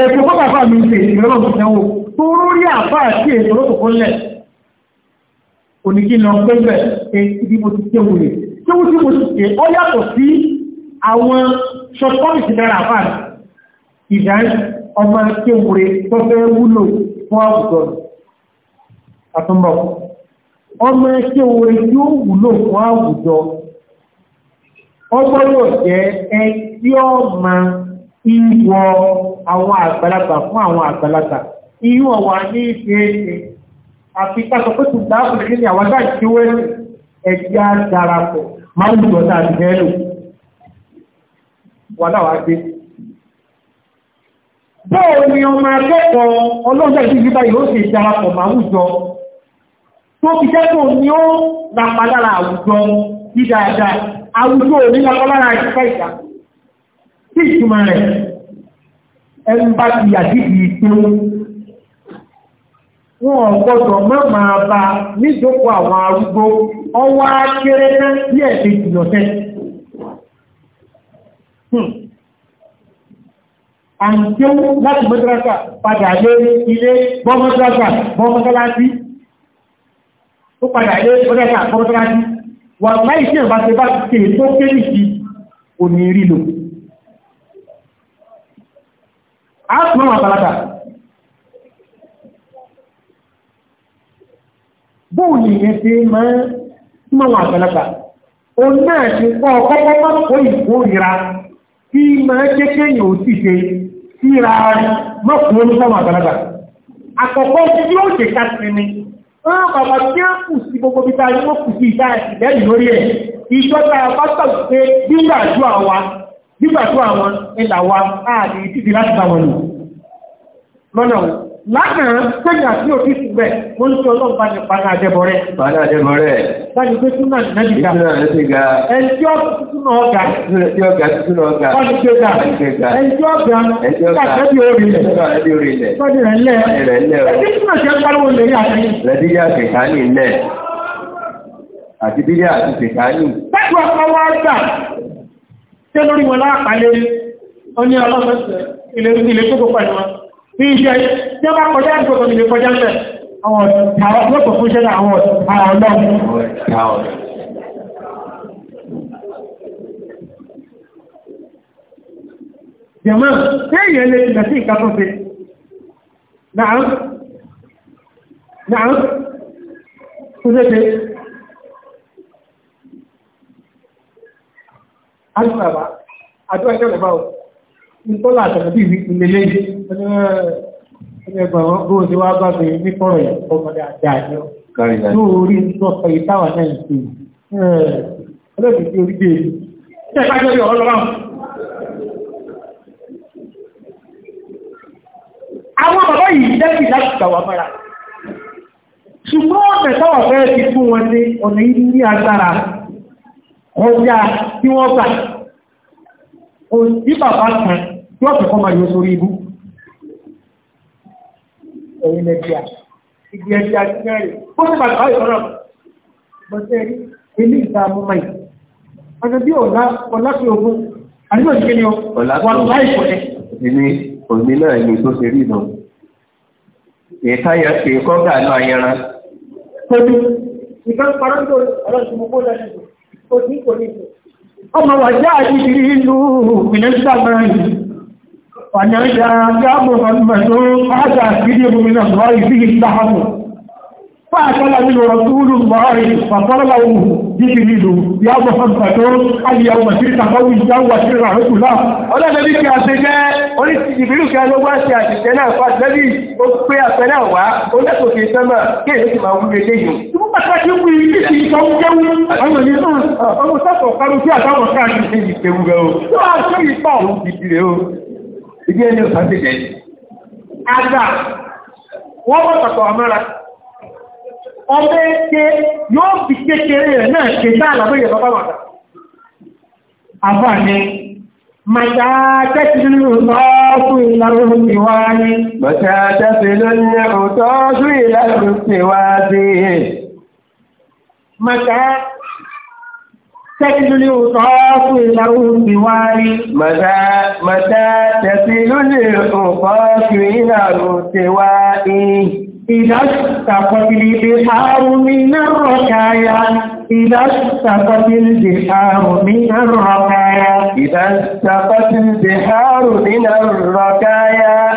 ètò kọ́ bàbá mi ṣe ìrìn náà ti kẹwò toró rí àbá àti ètò olókòkò lẹ òdìkí lọ pẹlẹ ibi mo ti kéwò rẹ tó fẹ́ wúlò àtúnbọ̀. ọmọ ẹṣẹ́ orí yóò wúlò fún àwùjọ yóò jẹ́ ẹ ma àwọn àgbàlagbà fún àwọn àgbàlagbà inú ọ̀wà ní ìfẹ́ẹ̀ṣẹ́ àfi pé dáàbò àwọn máa ń jọ wà náà wá bọ́ọ̀ ni ọmọ akẹ́kọ̀ọ́ tó fi jẹ́kò ní ó lápá lára àwùjọ ní dáadáa àwùjọ ní lápá lára ìfẹ́ ìjà tí ìtumọ̀ rẹ̀ ẹnu bá ti yàdìdì ìpé wọn gbọ́dọ̀ mọ́ máa bá níjókòó àwọn arúgbó ọwọ́ akéré náà bí ẹ̀sẹ̀ ìjìnà tẹ́ àǹtí láti mọ́dúrásà padà lé ilé bọ́mọ́dúrásà bọ́mọ́dúrásà ó padà ilé ọlẹ́ta àkọ́bọ́tọ́lájú wà láì sí ẹ̀bá ti bá ti tó kéré sí òní rílò a tún àwọn àbálátà bóòlù ìyẹn ti máa tún àwọn àbálátà o náà ti kọ́ ọkọ́kọ́ mọ́kọ́ ìkórira tí máa kéèkéè yóò sì ṣe síra mọ́kùnrin sáwọn àbálátà àkọ́kọ́ tí ó ṣe ká sinmi wọ́n bàbá tí ó kù sí gbogbo bíta ní ó kù sí ìta ìlẹ́yìn lórí ẹ̀ ìjọba pásítọ̀ pé gbígbàjú àwa gbígbàjú àwọn ìlàwà ààrẹ títí láti bá wọn lò lọ́nà lánàá sẹ́yà sí òfin ṣùgbẹ́ wọ́n tí ọlọ́pàá ní padà àjẹbọ̀rẹ́ padà àjẹbọ̀rẹ́ láti pé súnà nẹ́bìgá ẹni tí ọ̀gá ọ̀gá ọ̀gá ẹni tí ọ̀gá ìgbàtẹ́bí orí ilẹ̀ sọ́dí rẹ̀ lẹ́ ẹni tí ọ̀gá pariwo lè rí àtẹ́yìn lẹ́díyà kẹkàánì lẹ́ àti bílíà àti kẹkàánì pẹ́kù ọkọ̀ wọ́n gbà tẹ́ lórí wọn láàpàá lé ọ ní ọlọ́pàá ilẹ̀ tó kó pẹ̀lú wọn ní iṣẹ́ tí wọ́n bá kọjá ìgbòkò ní kọjá mẹ́ àwọn ọ̀pọ̀ fún iṣẹ́ àwọn ọlọ́run jẹ̀mọ́ tẹ́yẹ̀ lè jìnà sí ìkàtọ́fẹ́ náà náà tó lẹ́fẹ́ alùpàá àdúrà ìjọ́ ìbáwọ̀ nítorí àtàkùn bí ìwé ìpínlẹ̀ lẹ́yìn ẹni ẹgbà wọn bó ṣe wá bá bẹ̀rẹ̀ ní fọ́rọ̀ yẹn ọmọdé àdáyọ lórí ìtọ́sọ ìtawà náà ṣe ọlọ́dún tí orí dé èyí tẹ́ bá jẹ́ ọlọ́run àwọn bàbá yìí dẹ́bì láti gbàwà mọ́ra ṣùgbọ́n ọ̀nà táwà fẹ́ ti fún wọn ní ọ̀nà yìí ní agbára ọjà tí wọ́n gbà òun bàbá kan yóò tún kọ́ máa yọ sórí ibú ẹ̀yìn lẹ́bíà ìgbì ẹ̀bíà ti mẹ́rin ó sì bàtà ọ̀yọ̀ sọ́rọ̀ bọ́sẹ̀ ilé ìta mọ́mọ́ yìí ọjọ́ bí ọ̀lá fi ogun àdúgbò ti kéde wọn láì pọ̀lẹ́. ilé òní náà ni tó ṣe rí nù ìkáyọ̀ ṣe kọ́gà náà yẹran. tóbi ìkan parọ́ ní ọlọ́sùn mọ́kó lẹ́nu òsì kò ní ọmọ wàjá àti ìlú mínísítà mẹ́rin فنرجع يا محمد هذا كبير من الله فيه التحمل فأكل منه رسول الله فطلبه جبريل يا محمد اليوم تلك قوية وسر عقلا ولا نبيك يا سيدنا قلت جبريل كان هو يا سيدنا فالذي أقوى سنة وقلت في سماء كيف يسمع وجهه ثم تكتب في في سوجه أما نسان أما سافر قالوا فيها سوى كان يسمع وجهه ثم أشري طاو جبريل ìdí ẹni ò sáfì àgbà wọ́n wọ́n tọ̀tọ̀ ọmọ́ra ọmọ ẹgbẹ́ yóò fi kékeré rẹ̀ náà ṣe sáà lábẹ́yẹ̀ bàbá wàtà àbá ni تكل العطاف إلى سواري متى متى تكل العطاف إلى سواري إذا اشتقت البحار من الركايا إذا اشتقت البحار من الركايا إذا اشتقت البحار من الركايا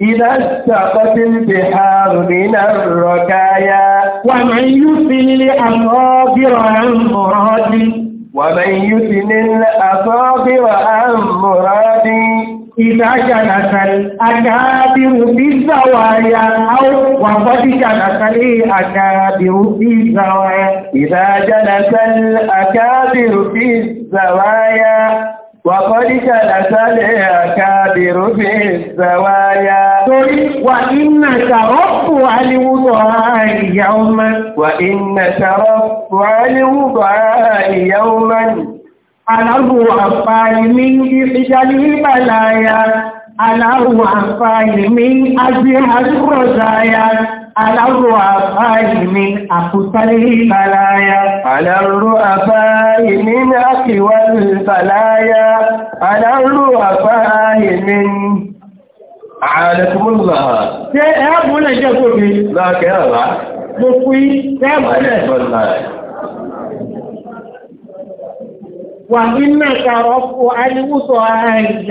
إذا اشتقت البحار من الركايا ومن يسل الأنواب عن مراد ومن يسن الأصابر أم مرادي إذا جلس الأكابر في الزوايا أو وقد جلس الأكابر في الزوايا إذا جلس الأكابر في الزوايا Wàkọ́dí ṣàlàsálẹ̀ àkàbèrò bèèrè ṣàwáyá. Torí wà iná ṣàrọ́pù aliwúdọ̀ àìyá ọmọ. Wà iná ṣàrọ́pù aliwúdọ̀ àìyá ọmọ. Àlágbò àpá ilé ìṣàlẹ̀ ìbàláyà aláwọ̀ àfáàlì mi agbé àdúrọ̀dáyà aláwọ̀ àfáàlì mi àkùsálẹ̀ ìbàláyà aláwọ̀ àfáàlì mi àkìwàlì ìbàláyà aláwọ̀ àfáàlì mi ààrẹ̀kùnmùlà ṣe ẹ́ وإن ترفع الوضع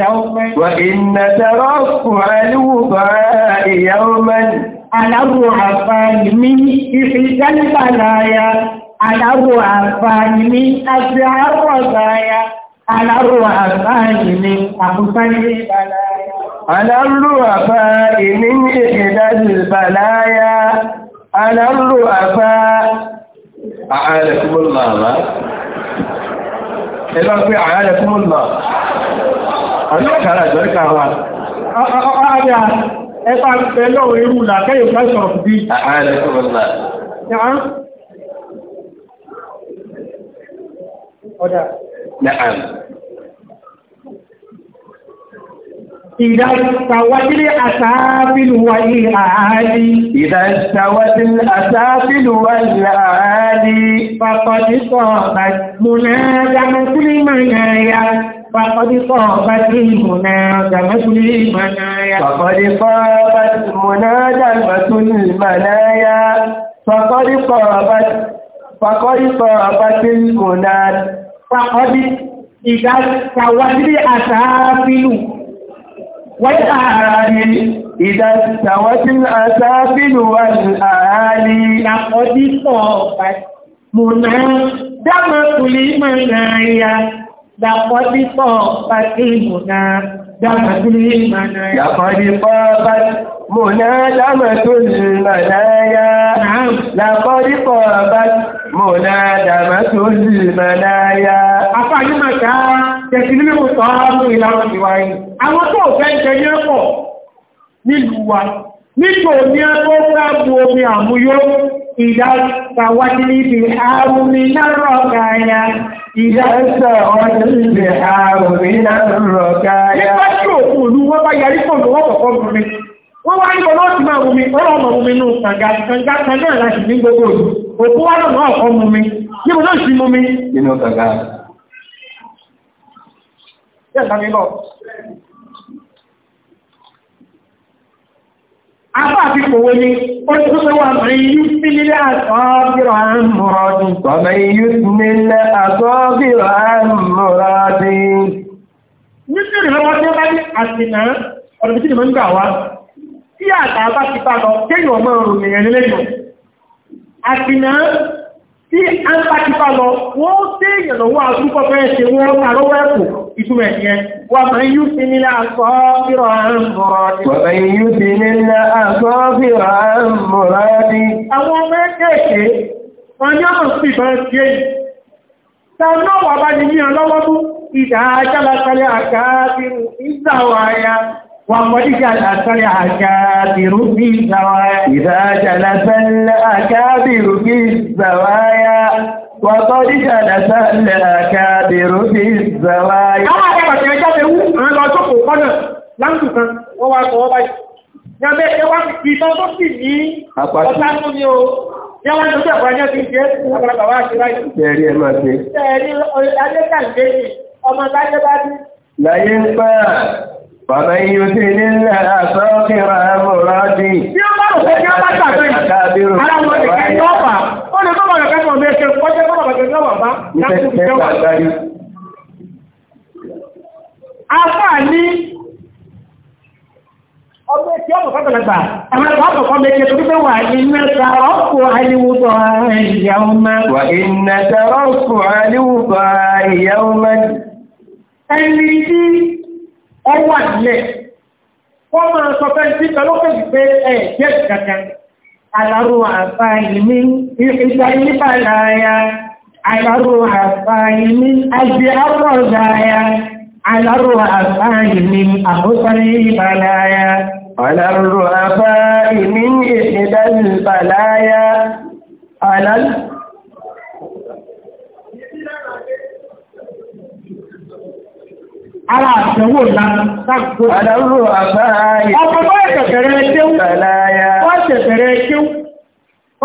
يوما وإن ترفع الوضع يوما على الرعفان من إحدى البلايا على الرعفان من أسرع الرزايا على الرعفان من أخفى البلايا على الرعفاء من إحدى البلايا على الرعفاء أعانكم الله ẹ̀lọ́ pé ààrẹ fún ọ̀nà àríkàrà ìjọ́ríkà wa ààrẹ ẹ̀fà pẹ̀lọ́ irú làkẹ́yìn price of the ààrẹ fún ọ̀nà ọ̀dá إذا استوت الأسافل والآلي إذا استوت الأسافل والآلي فقد صابت منادمة المنايا فقد صابت المنادمة المنايا فقد صابت منادمة المنايا فقد صابت فقد صابت المناد فقد إذا استوت الأسافل والأعالي إذا استوت الأسافل والأعالي لقد صافت منى دم كل منايا لقد صافت منى دم كل منايا لقد صافت منى دم كل منايا نعم لقد صافت Mọ̀lá dàmà tó lè màláyà. Afá yí máa ká tẹ̀sí nínú ìwòsàn ààrùn ìlànà ìwà yìí. Àwọn tó fẹ́ jẹ ní ẹ̀pọ̀ nílùú wa. Nígbò ní ẹ̀pọ̀ fẹ́ omi àmúyó ìdáṣàwájú mi lárọ̀ káyà. Ìdáṣàwájú níbi ààrùn mi lárọ̀ káyà. Nípa tí òkú òlú wọ́n bá yarí wọ́n wá ní ọmọ ti máa wùmí ọ̀rọ̀ wùmí nù kàgà kàgà láti ní gbogbo òkú wá náà ọkọ̀ mumi níbo náà sí mumi nínú kàgà Àbá àti kòwé ni, ó ti tó wà mẹ́rin yí sí nílé àtọ́bìrọ̀ àmúrọ̀dì. Ọmọ yí sí nílé àtọ́bìrọ̀ àmúrọ̀dì. Ní sí ìrìnlọ́wọ́ tí ó bá ní àtìnà, ọ̀rọ̀ tí àgbà bá ti bá lọ kéyàn ọmọ ọrùn ìrìn lẹ́yìn àtìná tí a ń bá ti bá lọ wọ́n tẹ́yàn lọ́wọ́ àtúkọ́ fẹ́ ṣe wọ́n tàlọ́wọ́ ẹ̀kù ìtumọ̀ ẹ̀yẹn wà máa yú sí nílá àṣọ́ fíra àmúrádì àwọn ọmọ ẹ̀kẹ́ẹ̀kẹ́ wọ́n ní ọmọ sí ìbọn sí èyí tàlọ́wọ́ bá ní ní ọlọ́wọ́ وقد جلس الأكابر في الزوايا إذا جلس الأكابر في الزوايا وقد جلس الأكابر في الزوايا. Àwọn akẹ́kọ̀ọ́ ti ẹjọ́ ti wú, àwọn lọ sókò kọ́nà láńtù kan, wọ́n wá sọ wọ́n báyìí. Yàbẹ́ ẹ wá fi tán tó sì ní ọ̀tá fún mi o. Yẹ́ wá lójú ẹ̀kọ́ ẹjọ́ ti ń jẹ́ ọ̀pọ̀lọpọ̀ wá sí báyìí. Tẹ̀rí ẹ máa ṣe. Tẹ̀rí ọ̀rẹ́ adékàndé ọmọ láyé bá dé. Láyé ń pẹ́ Bàbá iyo tí nílẹ̀ àtọ́kìrà mọ̀rọ̀dì. Bí ó bá rò pé kí ó bá tàbí, ara wọn ni kẹ́ ní ọ̀pá. Ó lè kọ́bọ̀ rẹ̀ kẹ́kọ̀ọ́ bí ẹkẹ́ kọjẹ́ kọ́bọ̀ rẹ̀ kẹ́kọ̀ọ́ wà bá. Afá ní ọgbẹ́ tí ọmọ kọ́kọ̀lẹ́gbà, àwọn ẹ̀kọ́ ọkọ̀ mẹ́kẹ́ tó gbé wà ní mẹ́ta ọkọ̀ àìwúbọ̀ ìyàwó máa. Wà ìnàtà ọkọ̀ àìwúbọ̀ ìyàwó máa. Ẹni tí ọwọ́ àlẹ́ wọ́n máa sọ fẹ́ sí kọlọ́pẹ̀ wípé ẹ̀ jẹ́ kankan aláró àfà ìmí ìgbà nípa láyá aláró àfà ìmí àti àpọ̀ láyá aláró àfà ìmí àbúkọ̀lẹ̀ ìbà láyá aláró àfà ìmí ìṣẹ̀dá ìbà ara àtẹ̀wò lánàá sáàkó. Àdàrú àbáyé. Ọmọ bá ẹ̀kẹ̀kẹ̀rẹ̀ kéwú. Bàláyà. Wọ́n ẹ̀kẹ̀kẹ̀rẹ̀ kéwú.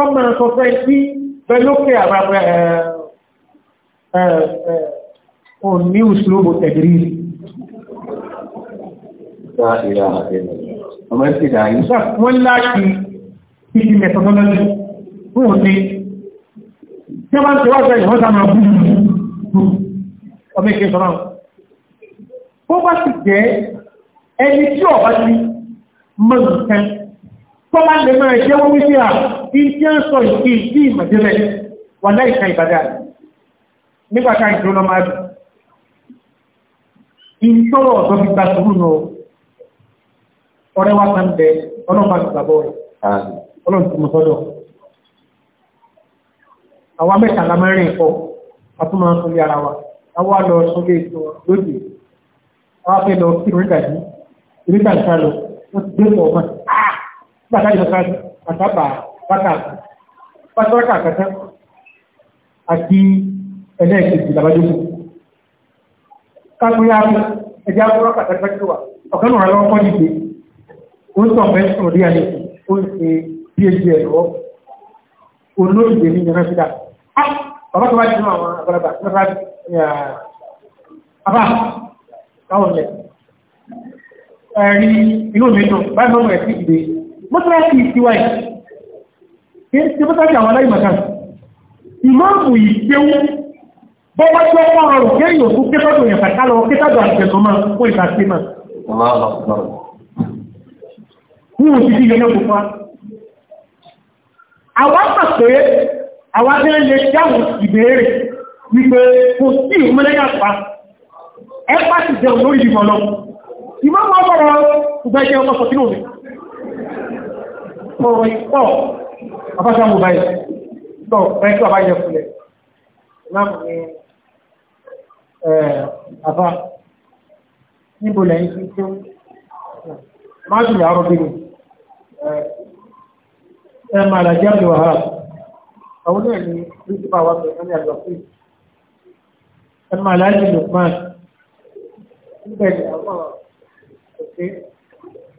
Ọmọ ẹ̀kọ́ fẹ́ sí Bẹ́lókè àbábẹ́ ẹ̀ òní ìṣòro tẹ̀gírí. Wọ́n láti ìdí mẹ́tọ́lọ́lọ́lọ́ fún òní. Tí wọ́n ti wá tó bá sì jẹ́ ẹni tí ọ̀bá ti mọ̀ nǹkan tó bá lè máa jẹ́ wọ́n wípé à ìjẹ́ ń sọ ìdí ìdí ìmọ̀délẹ̀ wà láìka ìbàdà nígbàtà ìdúró máa dùn ìtọ́rọ̀ ọ̀dọ́ fi gba sùúrù lọ ọ̀rẹ́ wa kan bẹ ọlọ́pàá ti gbàgbọ́ rẹ̀ ọlọ́run ti mú sọ́dọ̀ àwa mẹ́ta la mẹ́rin ẹ̀kọ́ a tún máa ń sọ lé ara wa àwa lọ sọ lé ètò lójijì wọ́n fẹ́ lọ sí oríkà yìí oríkà ìta lọ wọ́n ti gbé pọ̀ mọ́ ah! nígbà tá ìlọ́ka àtàbà bàtà pátákà àkàtà àti ẹlẹ́ẹ̀kejì làbájókòó kápẹ́yà ẹ̀jẹ̀ àkọ́rọ́ kàtàkà tó wà ọ̀kan náà lọ́wọ́ kọ́ nígbè ó ń tàn bẹ́ẹ̀ sọ̀rọ̀ díà ní ó ń ṣe olóògbé ní ìyẹn fẹ́dà ah! bàbá tó bá jẹ́ àwọn àgbàlagbà tó bá jẹ́ fáwọn ilẹ̀ ẹ̀rí inú mi dùn báyìí mọ́ rẹ̀ sí ìdè mọ́sálásí ìtiwá yìí tí mọ́sálásí àwọn aláìmọ̀ká ìmọ́ọ̀mù ìgbéwú bọ́wọ́ tí ó pọ́n ọrùn kí èyàn fún kétọ́dù yẹn pàtà lọ kétọ́dù àjẹ̀tọ́ máa kó ìta sí máa ní òsì sí ilẹ̀ lọ́pọ̀ fún àwọn àpà pé àwọn abẹ́rẹ́ lè dáhùn ìbéèrè wípé kò sí ìmọ́lẹ́yà pa ẹ pàtì jẹun lórí ìdìbò lọ ìmọ̀ mọ́ bọ̀rọ̀ ìgbà ìjẹun ọmọ sọ̀tínú mi ọ̀rọ̀ ìpọ̀ abájá mo báyìí tọ́ ẹni tó àbáyẹ fúnlẹ̀ láàmù ní àbá níbo lẹ́yìn tí tí ó máa jù láàárọ̀ àjò máa níbẹ̀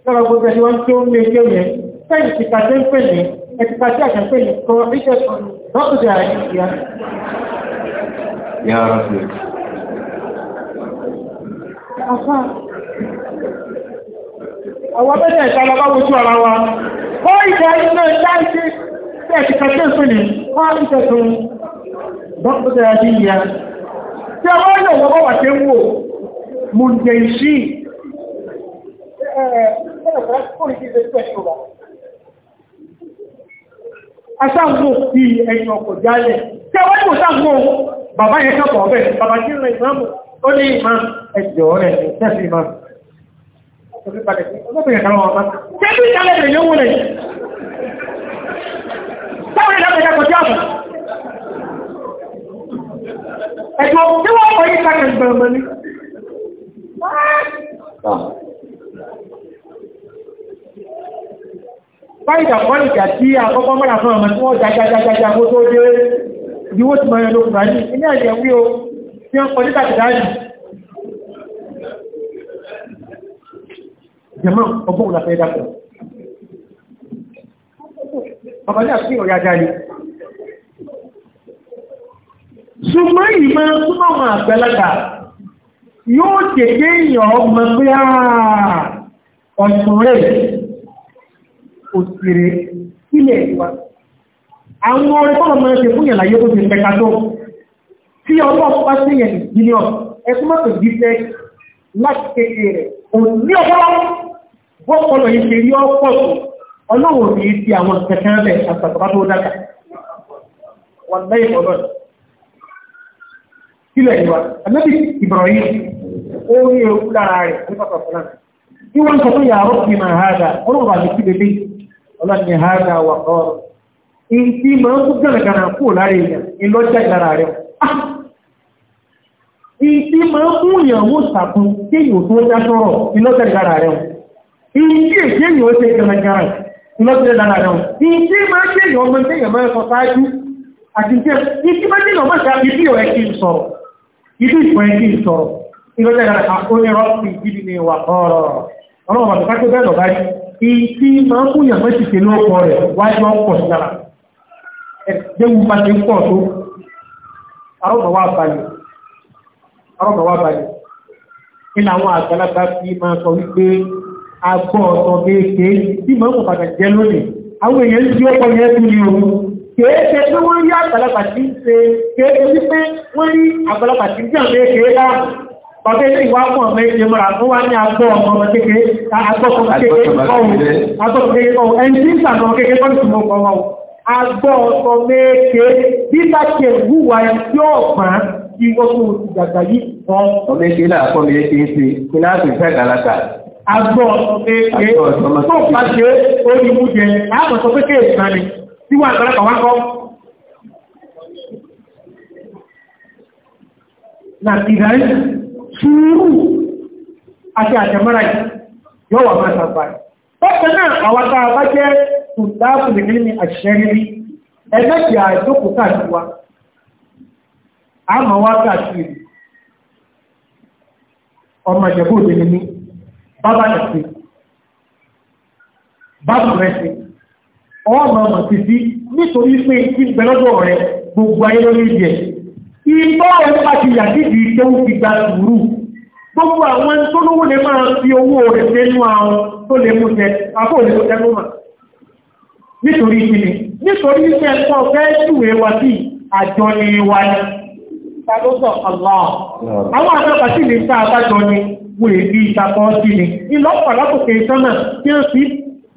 lọ́rọ̀ gbogbo ẹni wọ́n tí ó ń lé ilé yẹn fẹ́yìn ti pàṣẹ ń pè ní ẹti pàṣẹ àṣẹ ń pè ní kọ iṣẹ́ lọ́kùnrin àárín ìyá. yàrá rẹ̀. àwọn abẹ́jẹ̀ tí a bá yọ̀ wà ṣe ń wò Mundensí. Aṣáàmù fi ẹ̀yìn ọkọ̀ jálẹ̀. Tí a wọ́n tó sáàmù bàbá yẹn kọ́kọ̀ ọ̀bẹ̀, bàbá tí rẹ̀ ìmáàmù, ó ní ìmá ẹ̀jọ̀ rẹ̀ tẹ́sì ìmáàmù. Tẹ́bí ìjálẹ̀ rẹ̀ yóò wọlẹ̀. Táwọn ìdájọ́ Fáìdà kọ́ ìjà tí àkọ́kọ́ mọ́ra fún ọmọ tí wọ́n já já tó dé ìwó ti mọ̀rẹ̀ lókùnrà ní ilé ẹ̀yẹ̀ wí o tí wọ́n kọ́ ní tàbídáàrí. Jẹ̀mọ́ ọgbọ́n làfẹ́ dápọ̀. Ọmọdé àti ìrọ̀yà jáde. Ṣùgbọ́n ìmọ̀ yóò jẹ́gẹ́ èèyàn ọmọ pé ah, ọ̀sùn rẹ̀ òsìrè sílẹ̀ ìwà àwọn orin tọ́lọ̀ mọ́ ṣe fún ìyànláyé tó ti pẹ́ka tó tí ọmọ ọ̀pá sí yẹn ìgbìlẹ̀ ẹkún mọ́tò jíṣẹ́ láti kéèké rẹ̀ òní ọ̀pọ̀lọ́ bọ́pọ̀lọ̀ yìí ṣe rí ọ̀pọ̀ ọlọ́wọ̀ ní ti àwọn kẹ̀kẹ́ rẹ̀ àtàkùnrin tó dáka wà lẹ́yìn ọlọ́run sílẹ̀ ìwà ẹ̀mẹ́bí ìbọ̀rọ̀yí ó ní ewu lára rẹ̀ ní pàtàkùnà tí wọ́n sọ fún yàrá òkè máa hádà ọlọ́run bá ti kí bèbè ọlọ́ni hádà wà ọ̀rọ̀ in tí máa ń kú gànàgànà kú lára èèyàn ní lọ́jà ìlara rẹ̀ in ah! tí máa ń mú ìyàwó sàkún tí yóò tó já sọ̀rọ̀ ní lọ́jà ìlara rẹ̀ ibi ìpín kí n sọ̀rọ̀ ìrọ̀lẹ́ àkóyẹ̀rọ̀ ọrụ ìdí ni wà ọ̀rọ̀ ọlọ́wọ́ bàtà kákó ti àwọn àgbàlagbà fi máa sọ wípé agbọ́ ọ̀tọ̀ tí ń jẹ́ lónìí àwọn èèyàn tí ó yẹ́ kéèké tí wọ́n rí àgbàlagbà tí ń ṣe kéèké wípé wọ́n rí àgbàlagbà tí ń jẹ́ àmì èké rá ọ̀gẹ́ tí ìwà fún ọmọ èké mọ́ra tó wá ní agbọ́ ọmọ kéèké agbọ́kùn kéèké ọ̀hún ẹni tí ń sàtọ̀ kéèké kọ́ ìtumọ̀ ọmọ agbọ́ ọmọ méèké bí bá ṣe wúwa tí ó gbà kí wọ́n tó ti dàgbà yìí kọ́. ọmọ èké náà kọ́ mi èké ṣe kí láti fẹ́ tí wà ìgbàlápà wá kọ́ na ìdáyé ṣúúrù àti àjẹmára yóò wà máa sàgbà bọ́kẹ̀ náà àwátá bá jẹ́ ìdáàbùn ní àṣẹ́rí ẹgbẹ́ kí a jókòó káàkiri wa a ma wá káàkiri ọmọ ìjẹ̀bú òdè ní bábá ẹ̀sìn bábù rẹ̀ ọmọ ọmọ ti sí nítorí pé tí ń gbẹ̀lọ́gbọ̀ rẹ̀ gbogbo ayé lórí ìdíẹ̀. Ìgbọ́ ọ̀rẹ́ bá ti yà síbi ìtẹ́wù ti gba sùúrù. Gbogbo àwọn tó lówó lè máa fi owó rẹ̀ sẹ́nu àwọn tó lè mú jẹ, àbó lè mú jẹ mọ́mà. Nítorí ìpínlẹ̀, nítorí iṣẹ́ ẹ̀kọ́ fẹ́ júwe wa sí àjọ ni wa ni. Ṣàlọ́sọ̀ Allah. Àwọn àtàkà sí ní sáà bájọ ni, wòye bí ìtàkọ́ sí ni. Ìlọ́pàá lápòkè sọ́nà tí ó sì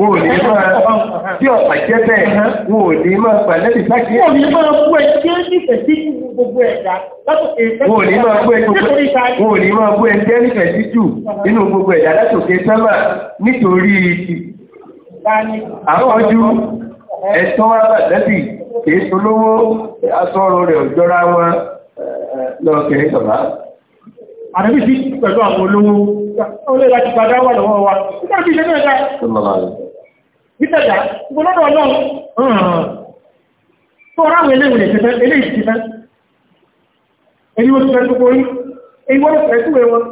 Wọ́n ò ní máa bí ọ̀pá jẹ́ bẹ́ẹ̀, wọ́n ò ní máa gbà lẹ́bi sáàkì. Wọ́n ò ní máa bú ẹ tí nífẹ̀ẹ́ sí gbogbo ẹ̀dá. Wọ́n ò ní máa bú ẹ wa nítẹ̀dá gbọ́lọ́dọ̀ ọlọ́run tó ráwọ̀ eléwò lè tẹ́fẹ́ elé ìsìnkẹ́ èyí ó ti fẹ́ gbogbo rí èyí wọ́n fẹ́ túwẹ́ wọn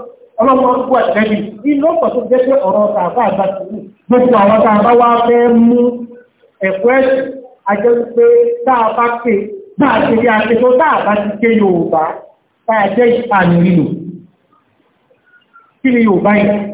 ọlọ́pọ̀ gbọ́ àtẹ́bí inú ọ̀pọ̀ tó jẹ́ pé ọ̀rọ̀ tààbà àgbà tìlú gbogbo àwọn tààbà wá fẹ́ mú ẹ̀kọ́ ẹ̀sì ajẹ́ wípé tààbà pé náà ti rí àti tó tààbà ti ké Yorùbá tààjẹ́ ìpànìyàn kí ni Yorùbá yìí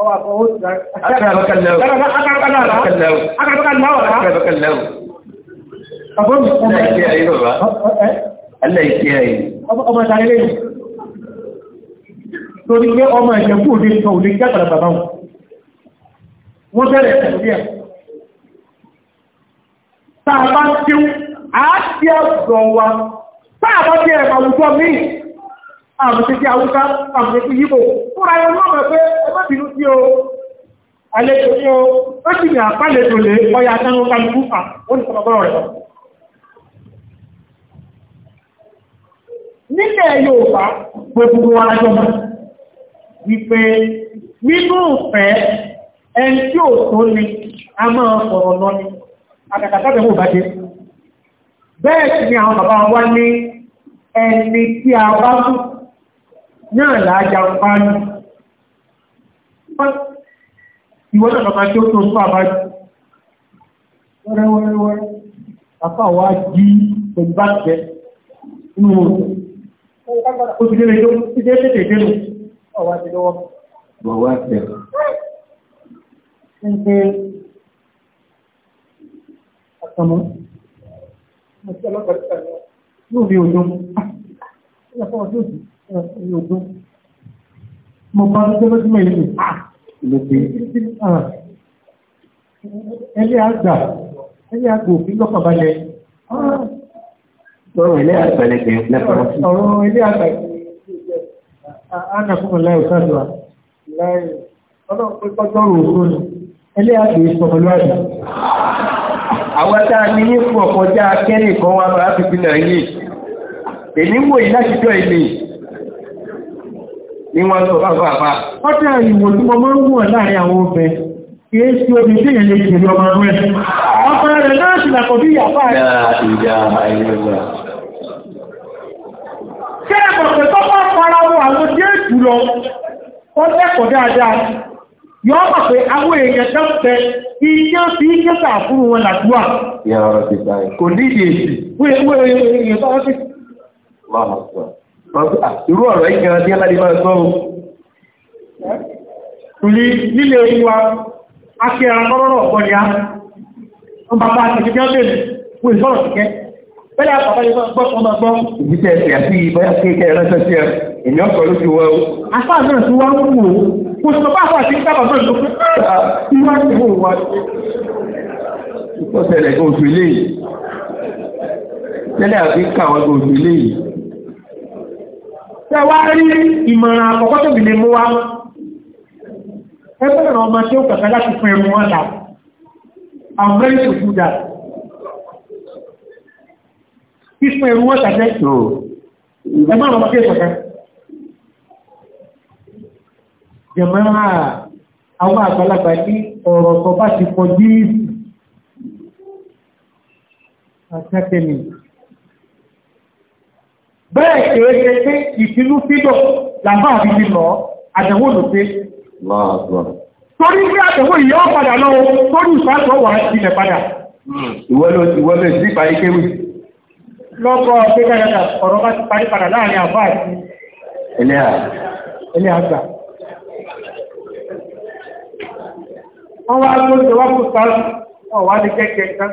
أكرمك الله أكرمك الله أكرمك الله Allah ya kiyaye ba. Allah ya kiyaye. Ọmọ ìtàrí lè torí pé ọmọ ìjẹ̀kú òde sọ òde jẹ́kọ̀rọ̀ bàbá wọn. Wọ́n bẹ̀rẹ̀ ìtàríyà. Tàbá tí ó, àá tí ó sọ wa, tàbá tí ẹ̀rọ àwùjọ míì àmùsí sí awúsá àmùsí sí yíbò fúnra ẹ mọ́ pé ọmọbìnú tí o àlejò tí o ó sì ní àpálejò lè ọya tánú kálukú fà ó ní sọmọgbọ́n bẹ́ẹ̀ ni àwọn bàbá wa ní ẹni tí a bá tún náà láàjá pàánù ìwọ́n náà lọ́pàá tí ó tó fún àbájú wẹ́rẹ́wẹ́rẹ́wẹ́rẹ́ àpá wá jí pẹ̀lú bá tẹ́ inú òòrùn ó ti lé Bọ̀wá tẹ̀. Ṣé ń pé ọ̀tọ̀mọ́? Mo ti ọlọ́pàá ti tàbí. Yóò rí òjò. Ah, ó yà fọ́wọ́ sí òjò ogún mo bá ń jẹ́ lọ́dún mẹ́rin ní ìlòpé ah! ah! ẹlẹ́ àgbà ẹlẹ́ àgbà òfin lọ́kànbalẹ̀ ah! ọ̀rọ̀ ẹlẹ́ àgbà lẹ́gbẹ̀ẹ́ lẹ́kọ̀ọ́ ọ̀rọ̀ ẹlẹ́ àgbà ánàkùnmọ̀ láì sáàdùà láì ọlọ́pẹ́kọ́jọ́rò òun ẹlẹ́ àgbà ìsọ̀mọlúwàdì àwọn tá a ní ní fún ọ̀pọ̀ já kẹ́rì kan wá máa fi fi náà yìí èmi ń wòye láti jọ ìlú ní wọ́n sọ bá bá bá. Ọ́tà ìwò tí wọ́n máa ń wọ̀ láàrin àwọn obẹ̀, kìí sí omi tí èyàn lè kìí ọmọ rẹ̀. Ọkọ̀ rẹ̀ náà sì làkọ̀ bí ìyàpá rẹ̀. Ṣé ẹ̀kọ̀kẹ̀ tó bá fara wọ àwọn Jésù lọ, wọ́n lẹ́kọ̀ọ́ dáadáa. Yọ́ mọ̀ pé àwọn èèyàn tó tẹ iye fi ń kẹta fún wọn làdúwà. Kò ní ìdí èsì. Wọ́n èèyàn tó irú ọ̀rọ̀ ìgbẹ̀rẹ̀ tí aláde máa sọ ohun tùlí nílé ìwà akẹ́ra lọ́rọ̀ ọ̀pọ̀lẹ́á wọ́n bá bá ti fi jẹ́ bèèrè fún ìsọ́rọ̀ kíkẹ́ pẹ́lẹ́ àpapọ̀ ìgbọ́ ọmọ gbọ́ ìgbìtẹ̀ ẹ̀sẹ̀ àti ìbọ́yá kéèkẹ́ ẹ̀rẹ́sẹ̀ sí ẹ̀ ènìyàn kọ̀ ló ti wọ́ ọ́ afá náà tí wọ́n ń wò kò sọ bá ah, àpá àti ilé yìí àti ìkàwọn gbòòtù ilé yìí tẹ́ wá rí ìmọ̀ràn àkọ́kọ́ tó bìí mú wá ẹgbẹ́rẹ̀ ọmọ tí ó kàkà láti fún ẹmú wọn dà I'm ready to do that fífún ẹmú wọn tàbí ẹgbẹ́ ọmọ tí ó kàkà jẹ̀mọ́ àwọn àgbàlagbà ní ọ̀rọ̀ ọ̀kọ̀ bá ti pọ̀ jí àtẹ́kẹ́ bẹ́ẹ̀ ṣe é ṣe pé ìfínú fídọ̀ làbá àbí ti lọ àdẹ̀wò ló pé torí pé àdẹ̀wò ìyá ọ̀padà lọ torí ìfàṣọ wà sílẹ̀ padà ìwọ́lẹ̀ sí ìparí kéwì lọ́kọ́ pé kẹ́kẹ́kẹ́ ọ̀rọ̀ bá ti parí padà láàrin àbá àti ilé àgbà wọ́n wá tó ṣe wá kó sáà wọ́n wá ní kẹ́kẹ́ kan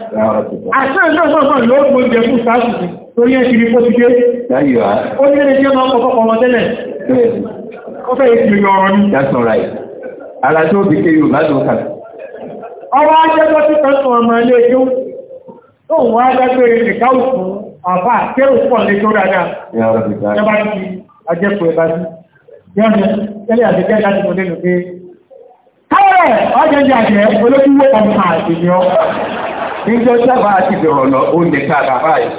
Àṣẹ ìjọ́sọ́sọ́ ló gbóúnjẹ fún sáàtì torí ẹ̀ ṣìrí kó ti dé. Ó ní ẹni tí ó máa kọ̀kọ́ ọmọ tẹ́lẹ̀. Ó fẹ́ ìsìnrì ọ̀rọ̀ ní. That's all right. Ara tí ó fi ké Yorùbá ló kà. Ọwọ́ ajẹ́gbọ́ tí kọ́sùn ọmọ ilé ẹjọ́. Ó ń wá dágbére ìka òkú àbá kérò pọ̀ lé tó ọjọ́ níjọ́ sábà àti bẹ̀rọ̀ lọ ó ní ká bàbá yìí.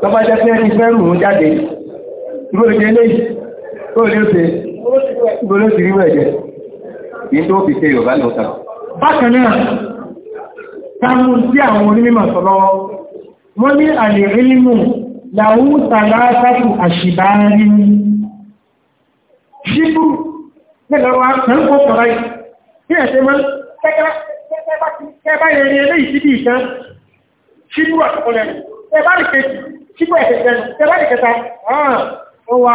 Tọ́bá jẹ́ fẹ́ ní fẹ́ rùn ún jáde, ìgbóòjẹ́ léyìí, tó lé ṣe, ìgbóòló ti rí wẹ̀jẹ̀, yìí tó fi ṣe Yorùbá ló ta. Bákan náà, táwọn tí àwọn onímọ̀ sọ lọ́wọ́, wọ́n ní àlè rílímù nílẹ̀ wa ń kó kọ̀ọ̀rọ̀ kí ẹ̀ mọ́ kẹ́ẹ̀bá yẹn rí eléyìí síbi ìkan ṣíbú ọ̀tọ̀kọlẹ̀ kẹ́ẹ̀bá rí kejì ṣíbú ẹ̀ṣẹ̀ṣẹ̀ kẹ́ẹ̀bá rí kẹta ah, ó wà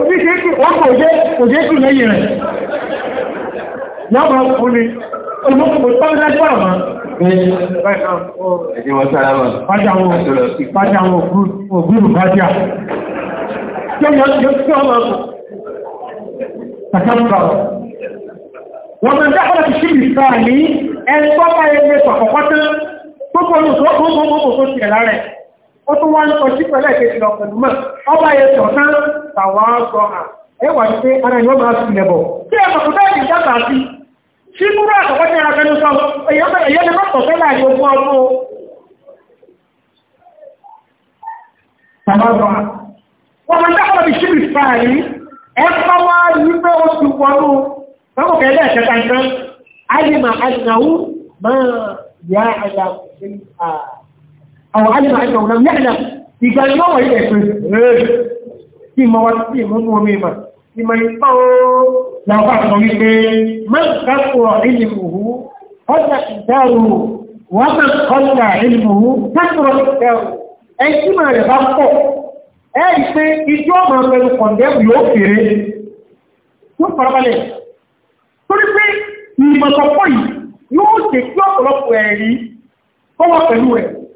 oníṣẹ́kì wọ́n kò jẹ́ kò jẹ́ kù lẹ́yìn rẹ̀ wọ́n bá kú ni olókùnkùn pọ́nlẹ́gbọ́n àmá Ẹjẹ́ wọn sára wọn. Fájá wọn ògbúrù fájá. Jọ́mọ̀ yóò tí ọmọ ṣàkàmùkà. Wọ́n mọ̀ dákọ̀lá ti ṣí ìsáà ní ẹni tó bá ẹgbẹ́ pàpàpátá tó kọ́ ó tún wá ń sọ sí pẹ̀lẹ́ kejì lọ pẹ̀lú mọ́ ọba yẹn sọ tàwa sọ hà ẹ ní pé ara ìwọ́n máa fi lẹ̀bọ̀ tí ẹ mọ̀kútà ìdí jábà sí sí múrú àkọ́kọ́ ní ara fẹ́nu sọ ni fẹ́ ogún tàwa sọ hà wọ́n máa dákọ̀ bí ẹ fọ́ wá nǹkan أو علم أنه لم يعلم يقال ما هو يدرك فيما وسيم وميما فيما يطور لو بعض وميما من كثر علمه قل إنكاره ومن قل علمه كثر إنكاره أي كما يبقى أي شيء إجوما من قندم يوفره tó farabalẹ̀. Torí pé ìmọ̀sọ̀pọ̀ yìí yóò ṣe kí ọ̀pọ̀lọpọ̀ ẹ̀rí kọ́wọ́ pẹ̀lú ẹ̀.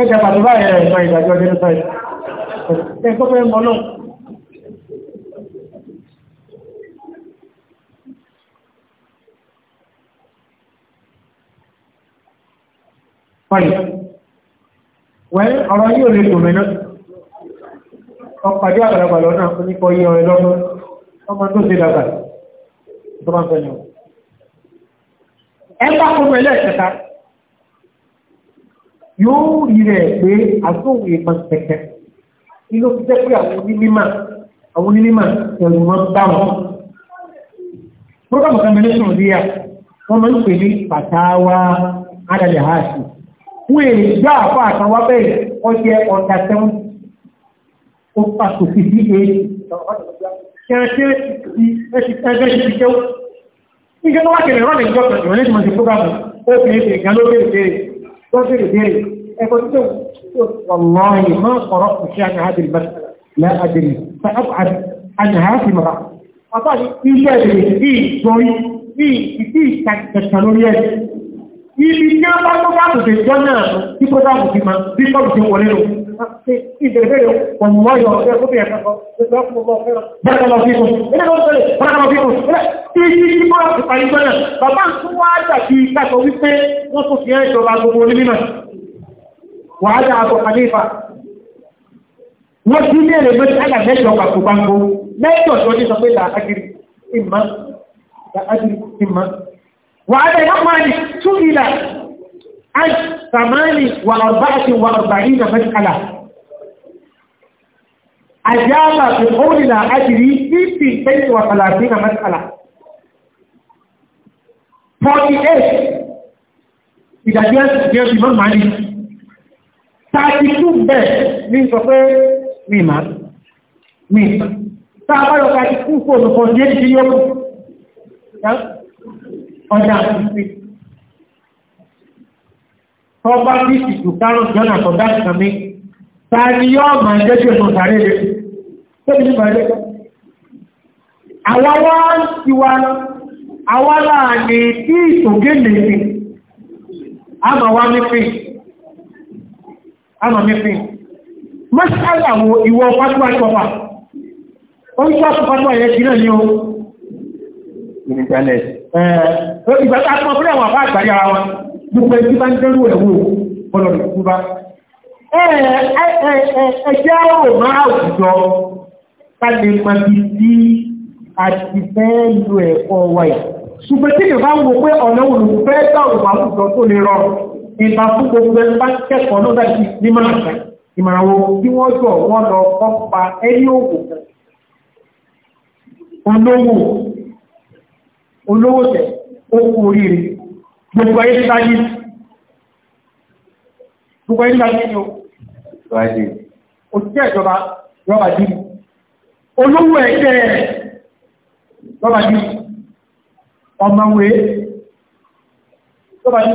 ẹgbẹ̀ pàtó báyẹ̀ ẹ̀sọ ìdájọ́ genocide ẹ̀kọ́ fẹ́ mọ́ náà pọ̀lì wẹ́ ọ̀rọ̀ yíò lè tò mẹ́nà ọpàdé àgbàlagbà lọ́nà onípọ̀ yí ọ̀rẹ́ lọ́gbọ́n ọmọ tó ṣe dàgbà tó máa yóò rí rẹ̀ pé àtúnwò ìpọn pẹ̀kẹ́ inú ti jẹ́ pé àwọn onímọ̀ àwọn onímọ̀ ẹ̀rù wọn bá wọn. program combination ria wọ́n máa ń pè ní pàtàwà adàlẹ̀ ààṣì fún èrè gbá àpá àtàwà bẹ́ẹ̀ ọjẹ́ ọ̀tà sẹ́wọ́n ó pàtó sí sí èyí kẹ́ẹ̀kẹ́ ti ẹgbẹ́ ti ti kẹ́wọ́ nígbẹ́ wọ́n wá kẹ̀lẹ̀ rọ́ọ̀lẹ̀ ìjọba ìrọ̀lẹ́ ìjọba ìrọ̀lẹ́ ìjọba ìrọ̀lẹ́ ìjọba ìrọ̀lẹ́ ìjọba ìrọ̀lẹ́ فقلت له والله ما قرأت شأن هذه المسألة لا أدري فأبعد عنها في مرأة فقال إيه أدري إيه جوي إيه إيه تكتلوريات ibi tí ó bá tó bá tòṣe jọ náà tí kó dáàbò sí ma bí kọ́ ìṣe wọlé lò ìbẹ̀rẹ̀bẹ̀rẹ̀ ọ̀nà yọ ọ̀fẹ́ kó bẹ̀rẹ̀ kọ́ bẹ̀rẹ̀ lọ fífún ilé ló ń tẹ̀lé bẹ̀rẹ̀ lọ fífún ilé tí tí tí kọ́ ìparí jọ náà bàbá ń tún wá dàbí ìkàtọ̀ wípé wọ́n tó fi ẹ́ ìjọba gbogbo onímọ̀ wàhálà àbò kàlífà wọ́n ti ní èrè mẹ́ta àgbà mẹ́jọ pàtó gbangbo mẹ́jọ tó ní sọ pé làákàkiri ìmá làákàkiri ìmá wàhálà ìlàmánì túnilà àìsàmánì wà ọ̀bá àti wà ọ̀bá ìnà mẹ́tàlá àjábà tó kọ́wọ́n làákàkiri fífì tẹ́sí wà pàlàtí nà 48 ìdàjẹ́ ìdàjẹ́ ìmọ̀ màálì tàbítú bẹ̀ ní sọ pé mímá mímá tàbáyọ̀ tàbítú kò ní kò ní èdè yóò ọjà àti tọ́bá ní ìsìnkú kárùn jọ́nà tọ́dá ìsànmí tàbí yóò máa jẹ́ tí ọmọ sàárè rẹ̀ tó bí nípa ẹgbẹ́ àwọn wọ́n ti wá àwọn láàrin tí ìtògé lè ní àmà àmà mẹ́fìn mọ́ṣálà àwọn ìwọ pàtíwà ìpọ̀pà oríṣẹ́ ọ̀pọ̀ pàtíwà yẹ kí náà ní o ìgbàtà pọ̀ fún àwọn àbá àgbàyàra wọn gbogbo ẹjí bá ń dẹ́rù ẹ̀wò ọlọ̀ ìkúbá ẹjẹ́ ọ̀rọ̀ máa àwùjọ káàkiri pàtí sí àti fẹ́ lo ẹ̀kọ́ wáyà ṣùgbọ́n tí ìbá ń wo pé ọ̀nà òun fẹ́ gbà òun àwùjọ tó lè rọrùn ìbá fún gbogbo ẹgbẹ́ kẹ́kọ̀ọ́ ló dájú ní máa fẹ́ ìmọ̀ràn wo bí wọ́n jọ wọ́n lọ ọpa ẹni òwò olówó olówó tẹ̀ okùn oríire gbogbo ayé ti dájú gbogbo ayé ti dájú ní o òṣìṣẹ́ ìjọba rọ́bà jí olówó ẹgbẹ́ rọ́bà jí ọmọwé rọ́bà jí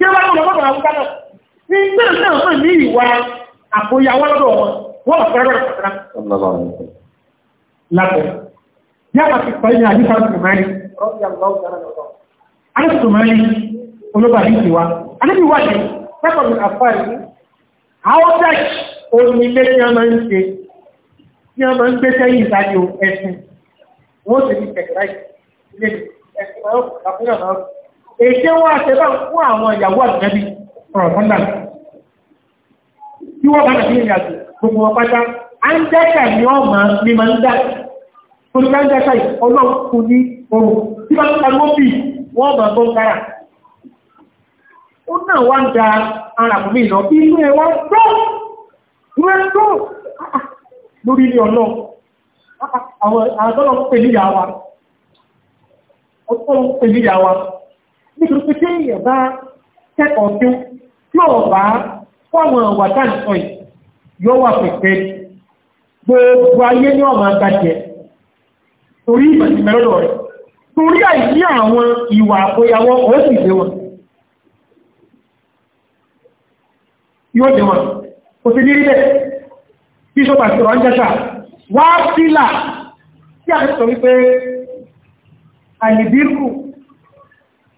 tí wọ́n bá lọ́wọ́ bàbá wúkà náà ní bẹ́ẹ̀ náà fún ní ìwà àkóyawọ́ lọ́dọ̀ wọn wọ́n fẹ́rẹ́ rẹ̀ pàtàkì. lábẹ́ yàtọ̀ ti pẹ̀lú ní àdífà tùmẹ́rin alẹ́ tùmẹ́rin olóba yìí ti wá alẹ́ bí wáyé pẹ́pọ̀ mi àfọ́ ẹ̀ àwọn bẹ́ẹ̀ omi ilé tí wọ́n máa ń ṣe tí wọ́n máa ń gbé sẹ́yìn ìdájọ́ ẹ̀sìn wọ́n sì ní tẹ̀kẹ́ráì ilé ẹ̀sìn ọ̀rọ̀ èṣe wọ́n àṣẹ́bá fún àwọn ìyàwó àtìlẹ́bí ọ̀rọ̀fọ́ndà tí wọ́n bá nàbí ìrìnàjò gbogbo ni ọ ma ní ma ń dá torí áńdẹ́kà ọlọ́pùn ní oòrùn tí bá ń tagó bí wọ́n ma bọ́ kára ó náà wá ń da ara kò mí lọ inú ẹ wá tó wọ́n tó lórí ilé ọlọ́ àwọn àtọ́lọ́ pẹ̀lú ìyá wa pẹ̀lú ìyá nítorí pé téèyàn bá kẹ́kọ̀ọ́ tí yóò bá fọ́wọ́n wà táǹtọ̀ yìí yóò wà pẹ̀pẹ́ gbogbo ayé ní ọmọ agbájẹ torí ìmọ̀lẹ́lọ́dọ̀ rẹ̀ torí àìní àwọn ìwà àkóyawọ́ ọ̀ọ́sì ìgbé wọn yóò dé wọn kò sí nírí bẹ́ẹ̀ bí ṣọ́pàá sọ̀rọ̀ ń jẹ́ta wá sílà tí a sọ wípé àìbírù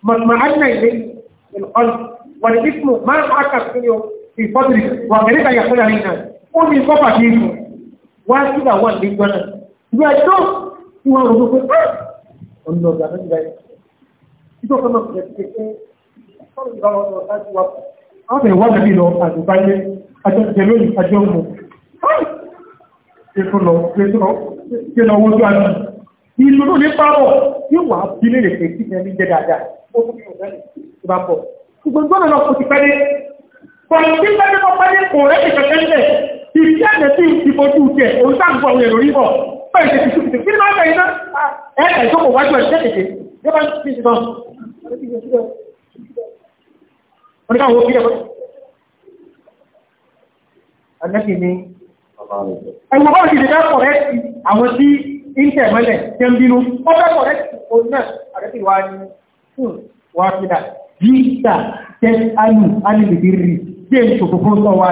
مطمئن إليه القلب والجسم ما يتعكس منه في صدره وغريبا يقول علينا قل من قفا فيه وكذا هو اللي يقول يجب هو رضوك ọ̀nà ọ̀gá ní ìgbà yìí. Títọ́ kan náà jẹ́ pé sọ́rọ̀ ìgbà wọn lọ láti wá. Àwọn bẹ̀rẹ̀ wá nàbí lọ àdùbáyé, àjọjẹ lóyìn, àjọ mọ̀. Ṣé lọ ṣe lọ wọ́n tó àná? Ìlú ló ní pààrọ̀ yóò wà á bí lè pè sí ẹni jẹ dáadáa ìbá pọ̀. Ṣùgbọ́n tó lọ kò ti pẹ́ dé. Kọ̀ọ̀lù tí pẹ́ tó pẹ́ dé kò rẹ́ ìfẹ́fẹ́ ń bẹ̀. Ìṣẹ́ ẹ̀jẹ̀ tí ìfojú jẹ òun sáàgbọ̀ àwọn èrò yìí bọ̀. Bẹ́ẹ̀ ṣe ti ṣe kìtì kí máa bẹ̀ iná. Ẹ̀ka ìjókòó wájú ẹ̀ṣẹ́ kìtì. Yọ́bá ń fi ṣùgbọ́n. Wọ́n ní káwọn òbí ẹ̀kọ́. Àlẹ́kì ni ẹ̀wọ̀n bọ́ọ̀ ti lè fẹ́ kọ̀rẹ́tì àwọn tí ń tẹ̀ mọ́lẹ̀ jẹ́ ń bínú. Ó fẹ́ kọ̀rẹ́tì òun náà àrẹ́tì wá ní hmm, واحدة جئت تسأل عن البر جئت تكون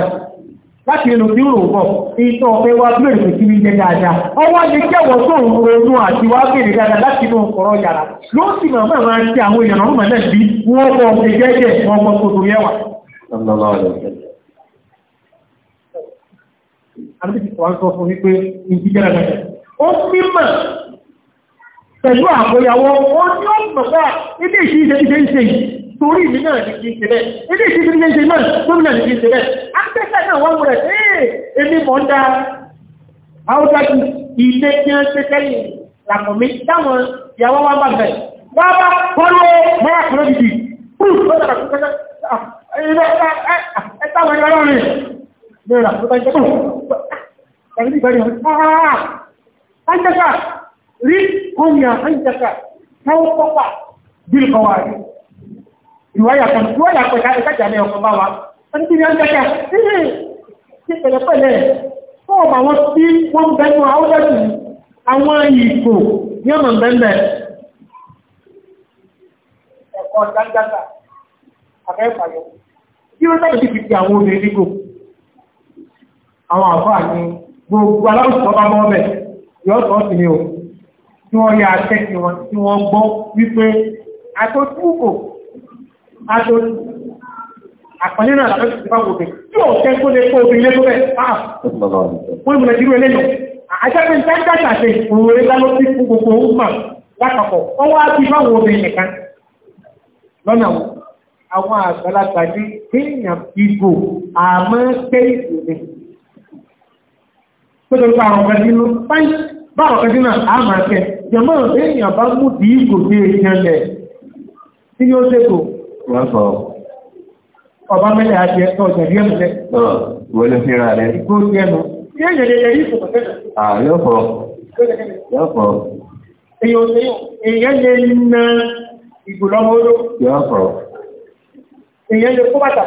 lati láti inú tí ó rògbọ̀ ìtọ́ ọ̀fẹ́ wá tó èrè sí ilé dáadáa ọwọ́ lè kẹwọ̀ tó ronú àti wá bèèrè dáadáa láti inú ọ̀rọ̀ yàrá ló sì mọ̀ mọ̀ máa àwọn èèyàn ọmọ náà bí wọ́n kọ́ ọ̀fẹ́ jẹ́jẹ́ yẹwà. ó pẹ̀lú àgbéyàwó wọn ni ó mọ̀gbà ilé ìṣẹ́ ìṣẹ́ ìṣẹ́ torí mi náà ní kìí ṣẹlẹ̀ ilé ìṣẹ́ ìṣẹ́ ìṣẹ́ náà gómìnà ní kìí ṣẹlẹ̀ akẹ́kẹ́ náà wọ́n wọ̀rẹ̀ ee èmi mọ̀ ń da àwọ́dájú ilé tí wọ́n ṣe tẹ́lẹ̀ làkọ̀ mi táwọn ìyàwó wa bá bẹ̀ wá bá bọ́lọ́ mọ́ra kúrò dìdì púpù lọ́dà kúrò رزقا يا حيتك فوقك بالقوارب رواية كان رواية كان كان كان يا بابا أنت يا حيتك إيه pẹ̀lẹ́ pẹ̀lẹ́ fọ́ọ̀mù àwọn tí wọ́n ń bẹ́nu àwọ́dẹ́sì àwọn ìgbò ní ọmọ ìbẹ̀mẹ̀ ẹ̀kọ́ dáńdáta àfẹ́fàyọ tí ó tẹ́lẹ̀ ti fi àwọn obìnrin nígò àwọn àfáà ní gbogbo aláwọ̀sọ̀ bá mọ́ ọbẹ̀ yọ́ sọ́ọ̀sì ni o tí wọ́n yá akẹ́kì wọn tí wọ́n gbọ́ wípé àtọ́túkò àtọ́tú àpọ̀lẹ́ náà lábẹ́ ti bá wòbẹ̀ tí ó tẹ́ kó lè kó obìnrin lé tó bẹ̀ pàá ah, wọ́n ìmọ̀lẹ̀ jírò eléyìn àjẹ́pẹ́ ìtàjájà ṣe òwúrẹ́ lálọ́ sí fún gbogbo ọmọ lápapọ̀ wọ́n wá bí bá wòbẹ̀ nìkan lọ́nà àwọn àgbàlagbà ní kéèyàn ìgò àmọ́ tẹ́ ìgò ni tó tẹ́ bá àwọn ọ̀gá nínú báwọn ọ̀gá nínú àmọ́ tẹ́ jẹmọ́ èèyàn bá mú tí kò sí èèyàn lẹ̀ tí ni ó ṣètò ọba mẹ́lẹ̀ àti ẹ̀tọ́ ìjẹ̀rí ẹ̀mẹ́lẹ̀ wọlé fíra rẹ̀ ìgbó sí ẹnu èèyàn lè lè rí ìfòkòtẹ́lẹ̀ Èèyàn lè kó bàtà.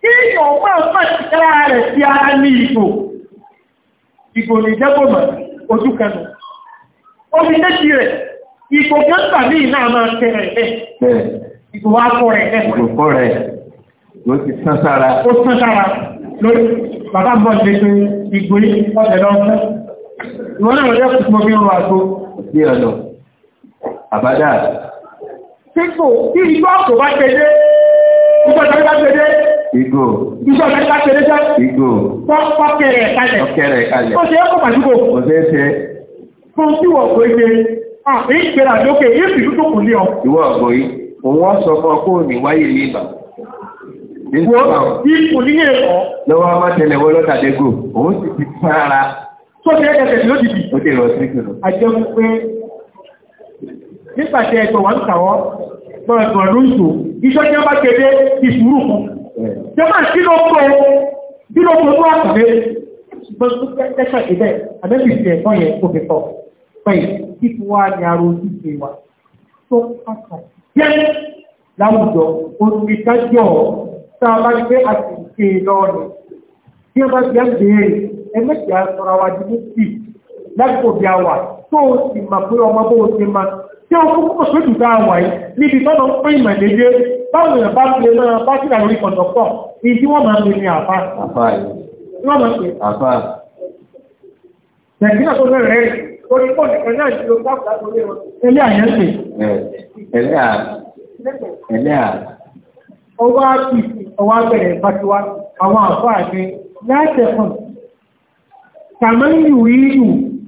Kí ìyọ̀pá ọ̀pá ti kára rẹ̀ sí ara ní ìgbò. Ìgbò lè jẹ́ kò mọ̀ ojú kanù omi méjì rẹ̀ ipò gẹ́gbà ní iná máa tẹ̀rẹ̀ ẹ̀ ipò wá kọ́ rẹ̀ ẹ̀ ipò kọ́ rẹ̀ ló ti sán sára ó sán sára lórí bàbá bọ́ ṣe pé igbó ọ̀sẹ̀ lọ́sẹ̀ ìwọ́n náà rẹ̀ kùsùn omi ọrọ̀ àgbo sí ọ̀nà àbádá sípò tí igbó ọkọ̀ bá tẹ̀lé igbó tẹ̀lé bá tẹ̀lé Igò. Ìjọ mẹ́ta ṣe lé jẹ́. Igò. Wọ́n kọ́kẹ̀rẹ̀ kalẹ̀. Kọ́kẹ̀rẹ̀ kalẹ̀. Ó ṣe é kó pàdúgbò. Ó ṣe é ṣe. Fún tí wọ̀ pé ṣe, àpé ah, ìpẹ́ra lókè yéèsì tó kù ní ọ. Ìwọ ọ̀gọ̀ yìí, òun wọ́n sọ fún ọkọ̀ òní wáyé ní ìbà. Ipò ní ẹ̀kọ́. Lọ́wọ́ a máa tẹ̀lẹ̀ wọ́n lọ́tàdégò, òun sì ti fara. Tó ti ẹ̀kẹ̀kẹ̀ ló dìbì. Ó ti rọ̀ sí kìrò. Àjẹ́ mú pé nípasẹ̀ ẹ̀tọ̀ wà ń kàwọ́, mọ̀rẹ̀ kan ló ń tò, iṣọ́ jẹ́ bá kéde ìṣúrù fún. Jẹ́ máa kí ló kọ́ bí ló kọ́ tó àkùnrin. Ṣùgbọ́n tó kẹ́kẹ́ pẹ̀lú kíkú wá ní ara ojú ṣe wà tó pàtàkì jẹ́ láwùjọ olùdájọ́ tá a bá ní pé a sì ṣe lọ́ọ̀nù bí wọ́n bá ti á béèrè àtọ́ra e, wa di méjì lágbo bí a wà tó o sì mà pé ọmọ bó o ṣe máa tí o kúkú kò sójú tá a wà yìí níbi tọ́nà ń pín ìmọ̀ báwo èèyàn bá fi ẹgbẹ́ náà bá sílẹ̀ lórí kọ̀ǹdọ̀pọ̀ èyí tí wọ́n máa ń pè ní àfa. àfa yìí. wọ́n máa ń pè. àfa. nàìjíríà tó fẹ́ rẹ̀ torí pọ̀ nìkan náà ṣe ló dáàbò láti orí wọn. ẹlẹ́ àyẹ́ ṣe. ẹlẹ́ à ẹlẹ́ à. ọwọ́ àti ọwọ́ abẹ̀rẹ̀ ìfàtiwá àwọn àfáà ní láti ẹ̀fọn kàmáyù yíyù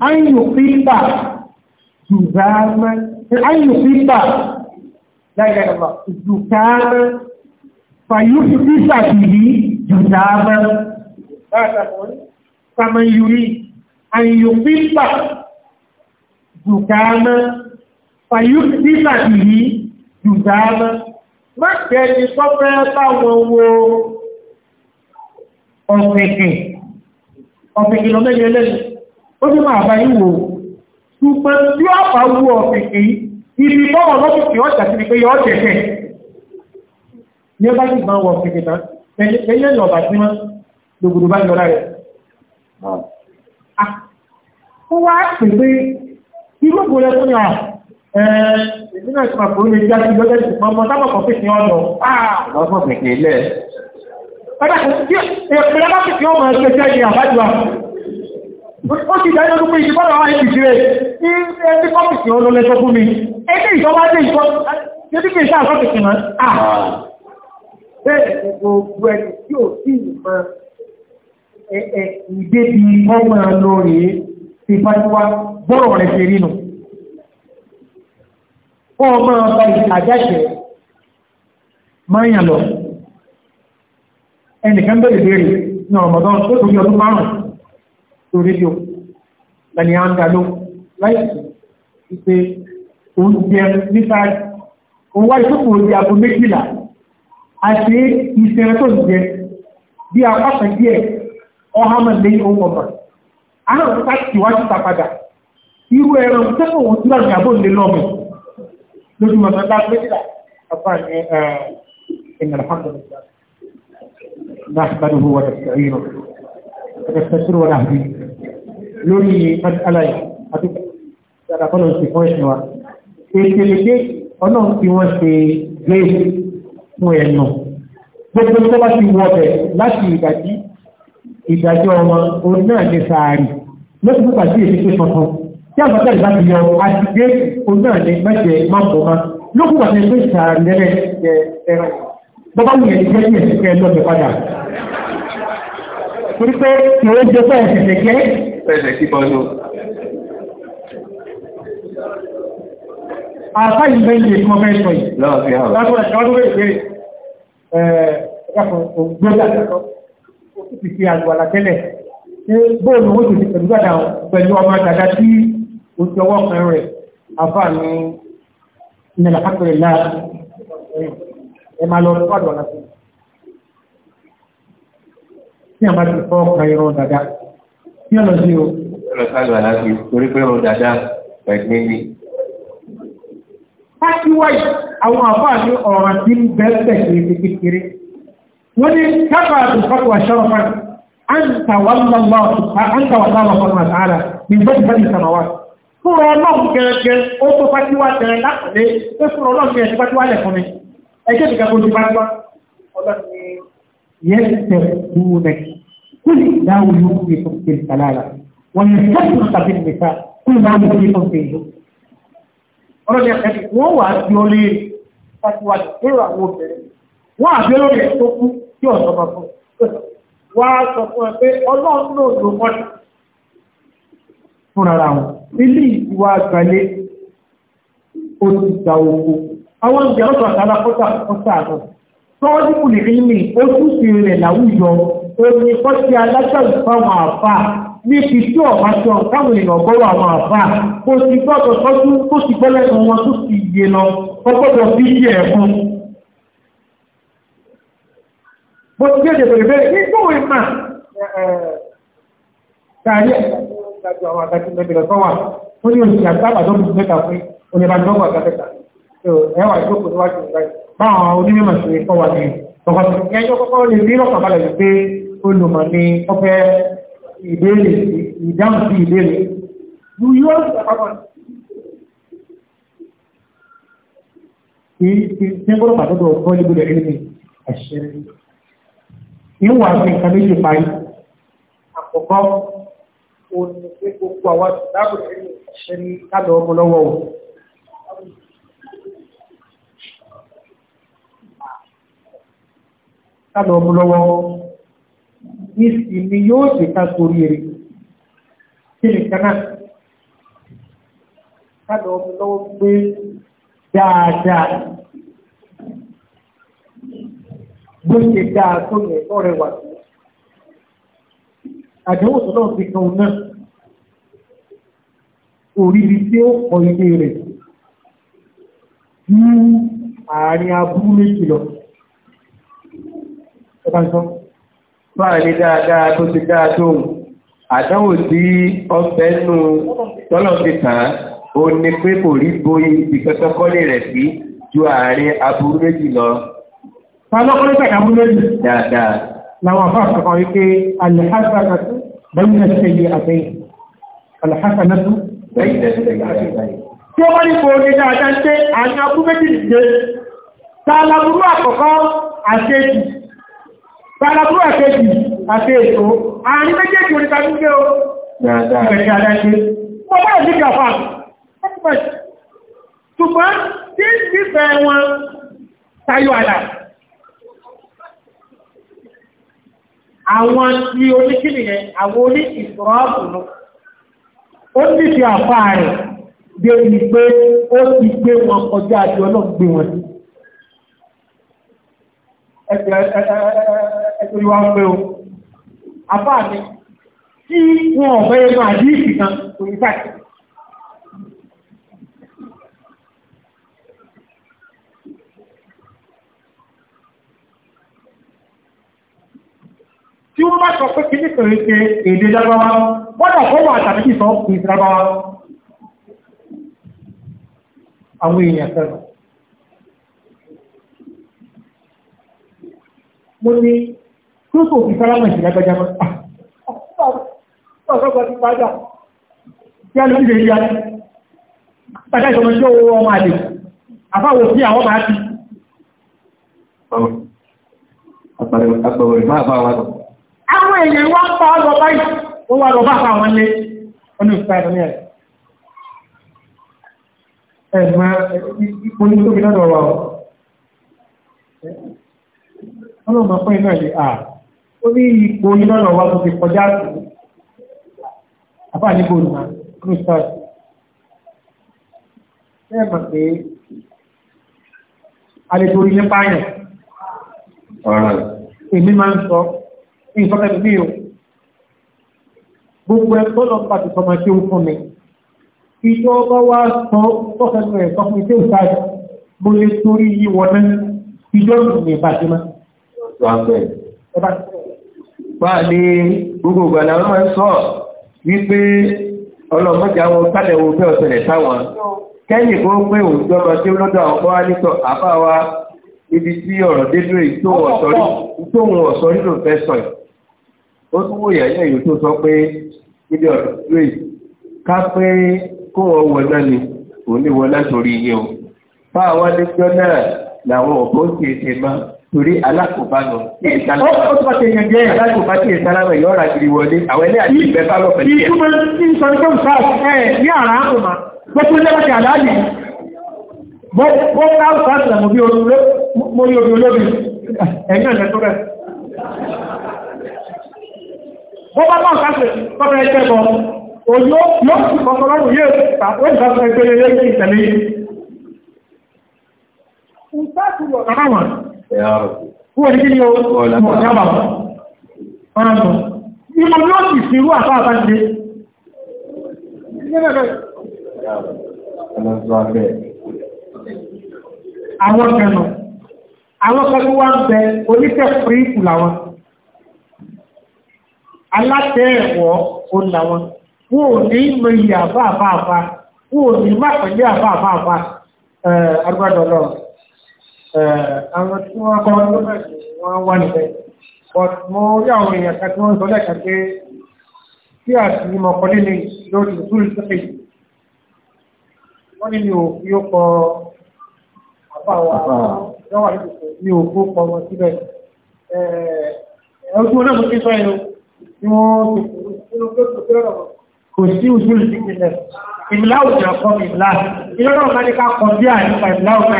áyù pípà jùzámẹ́ áyù pípà láyé ẹ̀fà jùkámẹ́ fàyú pípà tìlí jùzámẹ́. kàmáyù yíyù áyù pípà dùkámọ́ fàyú nígbà tí yí dùkámọ́ má kẹ́ni kọ́fẹ́ báwọn wo ọ̀pẹ̀kẹ̀ ọ̀pẹ̀kẹ̀ lọ́mẹ́yẹ lẹ́nu ó sì máa bá yíwò ṣùgbọ́n tí ó bá wo ọ̀pẹ̀kẹ̀ ibi bọ́wọ̀ lọ́pẹ̀kẹ̀ ọjà sí ni pé yọ ọ̀jẹ̀kẹ̀ ní ọba sì máa wọ ọ̀pẹ̀kẹ̀ tán ẹyẹ ní ọba sí wọn lògbòdò bá yọra rẹ̀ ah. Ah. ó wá pè pé irú òkú rẹ̀ fún yàrá èmi náà ti pàpọ̀ lè já sí lọ́jọ́ ìsìnkú ọmọ tábà kan fèsì ọ̀dọ̀ ah! lọ́sọ̀ fèsì ilẹ̀ ọ̀dà kò sí èpèrè bá fèsì ọmọ ẹgbẹ́ sí ẹ̀yìn àbájúwa ó ti dájọ́ tó pé ìṣẹ́ bọ́dọ̀ wáyé ti ṣeré ní ẹbí kọ́fìsì ọlọ́lẹ́sọ fún mi ẹgbẹ́ ìjọba dé ìjọ títí kìí sáà kọ́fìsì mọ́ bẹ́ẹ̀ ah! ni gbogbo ẹni tí ò sí ìmọ̀ ìdébi ọmọ lórí ìfàtíwá bọ́rọ̀ rẹ̀ ṣe rí nù ó máa fa àjáṣẹ́ máa yàn lọ ẹnìkan bẹ̀rẹ̀ bẹ̀rẹ̀ ní ọmọdán tó tó bí ọdún márùn tó rédíò lẹ́ni à ń ga ló láìsí ìpé oúnjẹ nípa òun wáyé tó kùn òjì àbò méjìlá àti ìṣẹ̀rẹ̀ tó ń jẹ bí apá kan díẹ̀ ọhámà àwọn òkúta ìwájú tapadà irú ẹ̀rọ tẹ́kọ̀ òun tí láti àbò lè lọ́mù lójú mọ̀mọ́ bá gbéjìlá apá ní ẹ̀yìn alhamdulillah نحمده ونستعينه ونستغفره ونهديه lórí aláì àti ìdàkọ́lọ̀ sí fún ẹ̀sìn wa ètèlèdè ọlọ́run tí wọ́n ṣe gbé fún ẹ̀nà gbogbo tó bá ti wọ́ bẹ̀ láti ìdàjí ìdájọ́ ọmọ orí náà ní sàárì lọ́sùn púpà sí èsì tó tuntun tí a bàtà ìbá ti yọ àti dé orí náà ní mẹ́jẹ máàpọ̀má lókùn wà ní pé sàárì lẹ́rẹ̀ ẹ̀rọ bọ́bá wùyẹ̀ ní jẹ́ ní ẹ̀sìnkẹ́ lọ́bẹ̀ padà torí pé kì ó jẹ́ pé ẹ̀sìnkẹ́ Àfá ìgbẹ́ ilé kan mẹ́sàn-án. Lọ́wọ́ sí àwọn. Lọ́wọ́ sí àwọn. Ẹ̀ẹ́ ti fi àgbàlá tẹ́lẹ̀ ṣe bóòlù ó ti fi pẹ̀lú gbàdà pẹ̀lú ọmọ àgbàdà tí ó ti ọwọ́ kan rẹ̀ afá ní ìnàlá pàtàkì láà ẹ máa lọ fọ́dọ̀ láti tí a bá ti fọ́ ọkàn irun dàda tí ọ̀nà sí o. ọ̀nà sí àgbàlá fi torí pé irun dàda ẹ̀gbin ni. Fáṣíwáì àwọn àfáà ní ọ̀ràn tí ń bẹ́ẹ̀ wani kafa su fatwa sharafan an tawalla Allah an tawalla Allah subhanahu wa ta'ala min bani bani samawat fúnra ọlọ́run gẹ́gẹ́ ó tó fátíwá tẹ̀rẹ lápàdé pé fúnra ọlọ́run gẹ́gẹ́ fátíwá ni yẹ́ tẹ̀ kúrò rẹ̀ kú ní wọ́n wà á ọlé fátíwá lẹ̀ fúnra àwọn obìnrin wọ́n àbẹ́lórí ẹ̀ tó kú tí ọ̀sọ́ máa fún wa sọ fún ẹ pé ọlọ́run náà ló mọ́ni fúnra ra wọn ilé ìwà àgbàlẹ̀ ó ti gba oko àwọn ìgbà ọ̀sọ̀ àtàlà kọ́tà kọ́tà àná tọ́ọ́dún kò lè rí ojúṣe rẹ̀ láwùjọ omi kọ́sí alágbàlù fáwọn àfà níbi tí ọ̀pá tí ọ̀n káwọn èèyàn gbọ́rọ̀ àwọn àfà kò sì gbọ́dọ̀ tọ́jú kó sì gbọ́lẹ́nu wọn tó sì yé lọ ọgbọ́dọ̀ bí yẹ̀ fún bó ti gbèdè bèrè bèrè ní gbòòrò ìmà káàrí ẹ̀dájọ́ àwọn àgbàtí mẹ́bẹ̀rẹ̀ sọ́wà ó ní oṣù àgbàbà tó mú mẹ́ta fún oníbàjọ́wà àgbàtẹ́ta ẹwà ìjókòó tó wájú ìgbà báwọn onímọ̀ ṣe kọ́ wà ní ọkọ̀tún ẹjọ́ kọ́kọ́ lè rí lọ́kàn balẹ̀ wípé olùmọ̀ ni ọfẹ́ ìbéèrè ìdáhùn sí ìbéèrè yíyọ́ ìpapọ̀ tí tí tí ń gbọ́dọ̀ pàtó yóò wà fún nǹkan méjì parí àkọ́kọ́ òun ni pé gbogbo àwọn àtúndáàbò nínú ìṣẹ́ ní kálọ̀ ọmọ lọ́wọ́ o kálọ̀ ọmọ lọ́wọ́ ìsinmi yóò ṣe ká sórí eré kí nìkan náà kálọ̀ ọmọ lọ́wọ́ dáadáa bó ṣe dáa tó yẹ lọ́rẹ̀ wà sí. Àdéhùn tó náà fi kan náà, òrìrì tí ó kọ ilé rẹ̀ ní àárín abúrú méjì lọ. Ẹbájọ́, máa ní dáadáa tó ti dáa tó hùn, àdéhùn tí ọbẹ̀ nù tọ́lọ̀ fi tàn án, ó ní pé kò rí bóyí ìkẹ́kọ́kọ́lé rẹ̀ sí ju àárín abúrú méjì lọ. Fọ́lọ́kọ́lẹ́ pẹ̀lú àmúlẹ́lì. Dáadáa. Láwọn afọ́ àkọ́kọ́ wípé alìhásánàtú bẹ́yìnà ṣẹyẹ àtẹ́yìn. Alìhásánàtú bẹ́yìnà ṣẹyẹ àtẹ́yìn. Tí ó wọ́n ní kò ní dáadáa ń tẹ́ àjọ ọkú méjì dìde. Tààlàbúrú àkọ́kọ́ àṣẹ́jì. Tààlàbúrú àṣẹ́jì àti èso. Àárín méjèèjì orí àwọn tí oníkìlì yẹn àwọn oní ìsọ́ọ̀bù lọ ó sì fi àfá rẹ̀ débi pé ó ti gbé wọn kọjá àti ọlọ́gbé wọn sí ẹ̀sẹ̀ ìwà ń pé o àfá mi tí wọn ọ̀fẹ́ yẹn máa dí ìsìkan wọ́n bá sọ pé kí ní pẹ̀lú pé èdè lágbàwá bọ́dà fọ́wọ́ àtàbí sọ kò ìsìn lágbàwá àwọn èèyàn fẹ́ràn mo ní tí ó kò fi sálámà ìsìn lágbàjá mọ́ ah, ọ̀pọ̀lọpọ̀ ti pàjá tí a lè ní ìrìn àti pàjá ìṣọ́mọ ìfáàfáà wà náà èèyàn wá pa á lọ báyìí ó wá lọ bá pa àwọn ilé wọn ní òṣìṣẹ́ àdúgbò rẹ̀ ẹ̀gbọ́n ipò ní tóbi lọ́dọ̀ wa ọlọ́mọ pẹ́ náà lè à ó ní ipò ní lọ́dọ̀ wa tó ti kọjá sí àbá nígbò nà ní èmi máa ń sọ ìsọ́tẹ̀ bí o gbogbo ẹ̀kọ́ lọ pàtàkì sọmọ tí ó fún mi ìjọ ọba wá sọ tọ́sẹ̀lú ẹ̀ sọfún ìṣẹ́ ìsáàjì mo lè torí yí wọn náà ìjọ ìrìn ìbàjẹ́ má. Báàlì gbogbo ìgbàlà wọn máa ń sọ wípé ọlọ́mọdé àwọn kálẹ̀ wo bẹ́ẹ̀ ọ̀sẹ̀lẹ̀ táwọn. Kẹ́yìn kó pé wa ibi tí ọ̀rọ̀ dédúró ìtòhùn ọ̀sọ́rí ló fẹ́ sọ yìí ó tún wò yẹ̀ lẹ́yìn tó sọ pé ilé ọ̀dọ̀ rẹ̀ ká pé kó wọ́n wọ ni kò ní wọ látòrí iye o bá àwọn adéjọ́ náà làwọn ọ̀pọ̀ ti ṣe máa torí alákòbánu tí ìsálámà ó tún bá ti yẹn kiri wọlé àwọn ilé àti ìgbẹ́ bá lọ́pẹ̀ tí ẹ̀. ìtumọ̀ tí sọ ní tóun sáà ẹ̀ ní àrà àkùnmá gbogbo ilé wájú àlàálì bó ká ó sáà sàmù bí olóbi ẹ̀yìn ọ̀nà bọ́bá náà káṣẹ̀ tọ́bẹ̀ ẹgbẹ́ bọ́ òyó yóò sì kọkọlọ́rùn yóò tàbí ìgbàsọ̀ ẹgbẹ́ ilé ìtẹ̀lé Àwọn kẹnu, àwọn kẹnu wá ń bẹ oníkẹ̀ fúrí ìkù làwọn alátẹ̀ẹ̀wọ̀ òun làwọn wọn ò ní mọ iye àbá àbá àbá wọn ò ní má pẹ̀lú àbá àbá àbá agbádọ̀ lọ àwọn tí wọ́n kọ́ ló bẹ̀rẹ̀ wọ́n wà níbẹ̀ but mo rí àwọn èèyàn kan tí wọ́n sọ lẹ́ẹ̀kan pé tí àti mọ̀kọ́lé ni lórí ìtúrù sẹ́pẹ̀ wọ́n ní mi ò fi ó kọ àbá wa lọ́wọ́ àdúgbò mi ò kó pọ̀ wọn síbẹ̀ ẹ̀ẹ́dùn náà mo ti sọ ẹ̀rọ tí wọ́n kò sí òṣèlú ti pínlẹ̀ ìmìlá òjò ọ̀kọ́ ìmìlá ìlọ́rọ̀ máa ní ká kọ̀ bí àìsíkà ìmìlá òjò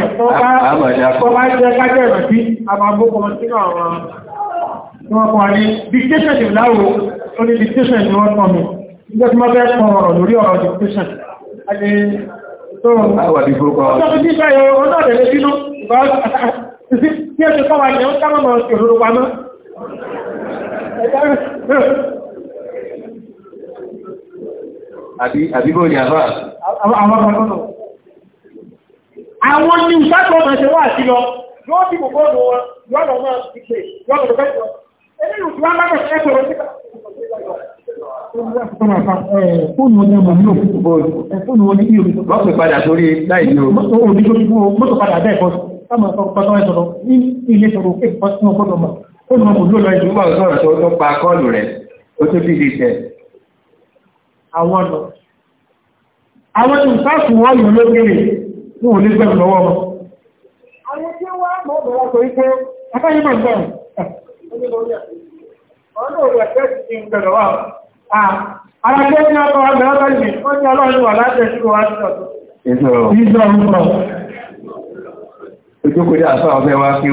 ọ̀kọ́ bá jẹ́ kájẹ́ ìrọ̀tí àmà gbogbo sínú àwọn tí wọ́n kọ́ ní dictation ìmìlá òjò ó ní dictation ni wọ́n tọ́ mi nígbẹ́ tí wọ́n fẹ́ kọ ọ̀rọ̀ lórí ọ̀rọ̀ dictation Tí ó ti kọ́ wa jẹun ká mọ́ ọ̀sẹ̀ òróró wa náà àbíbò ní àbá àwọn ni ìsáàtọ̀ ọmọ ẹ̀ṣẹ̀ wà sí lọ yóò bí gbogbo ọ̀nà wọn yọ́nà wọn ti pè yọ́nà tó bẹ́ẹ̀ lọ ẹni ìlú tí wọ́n lábẹ̀ ṣẹ́ sọ̀rọ̀ Fóònù ọjọ́ mọ̀ ní òfin bọ́ọ̀lù, fóònù wọn ní ìrìn. Wọ́n pè padà sórí láì ní o. Mọ́tò padà bẹ́ẹ̀ bọ́ọ̀lù, sáàmà sọ pàtàkì sọ̀rọ̀ ní ilé sọ̀rọ̀ òkè pàtàkì ọgbọ́dọ̀ mọ̀ ó mọ kò lóòlọ ìdúgbà ọ̀sọ̀rọ̀ tó tó pa kọ́ọ̀lù rẹ̀ ó tó bí ìdíjẹ àwọn ọ̀nà àwọn tí ìsáàkù wọ́n yìí lókèrè fún òní gbẹ̀rù lọ́wọ́ wọn àwọn tí wọ́n mọ̀ bẹ̀rẹ̀ pé pé akáyí mọ̀ bẹ̀rẹ̀ ọ̀nà òwúrẹ̀ fẹ́ ti ń gbẹ̀rẹ̀ wà ara tó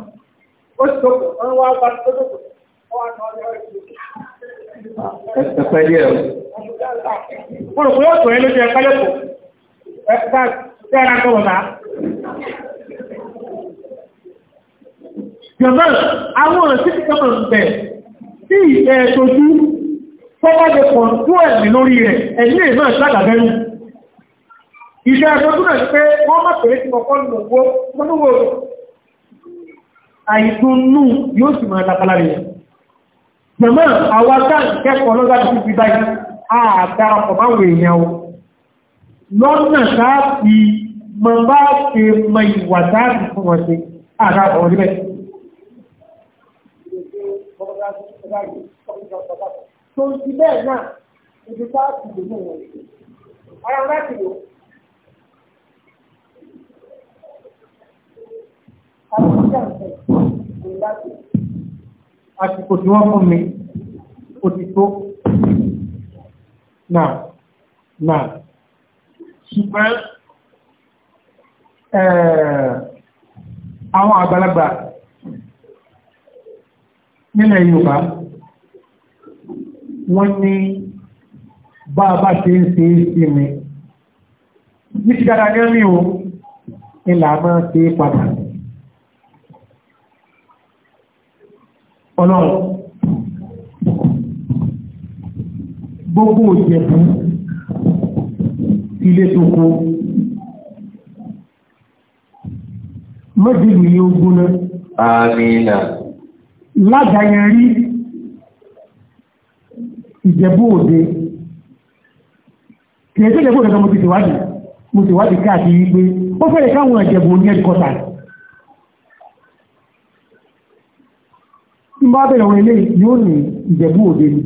ó pé ó tòye lójú ẹ̀pẹ́ lẹ́kọ̀ọ́. Ẹ̀pẹ́ tí àwọn ọ̀rọ̀ títí kọ́mọ̀ ń bẹ̀ ìfẹ́ tójú fọ́wọ́dé pọ̀ tó ẹ̀mí lórí rẹ̀ ẹ̀yìn èèyàn náà ṣàgàbẹ́nu. Ìfẹ́ tójú náà ti pé wọ́n má pèrè àìdùnnú yóò sì máa lápàlá rẹ̀ jẹ̀mọ́ àwọn akẹ́kọ̀ọ́ lọ́gbà tí ti báyìí ààdá ọ̀báwò èèyàn o lọ́nà sáàfi ma bá ṣe ma ìwà sáàfi fún wọn ṣe ààrá ọ̀rọ̀ níbẹ̀ tó ti bẹ́ẹ̀ náà ìdí sáàfi àsìkò tí wọ́n fún mi ó ti tó náà náà ṣùgbọ́n àwọn àgbàlagbà nílẹ̀ Yorùbá wọ́n ní bá bá ṣe ń ṣe é sí mi ní ṣídára ní rí o ìlàmọ́ ṣe é ọlọ́run gbogbo òjẹ̀bú ilé tó kó mọ́jìlú yóò gúnná àmìnà lágbàáyẹ rí ìjẹ̀bú òde kìí tó jẹ́ kó dẹ̀kọ́ mo ti tìwádìí mo ti wádìí káàkiri pé ó fẹ́rẹ̀ káwọn ìjẹ̀bú ní ẹ̀dìkọ́ta bá bẹ̀rẹ̀ wọn ilé yóò ní ìjẹ̀bú òde ni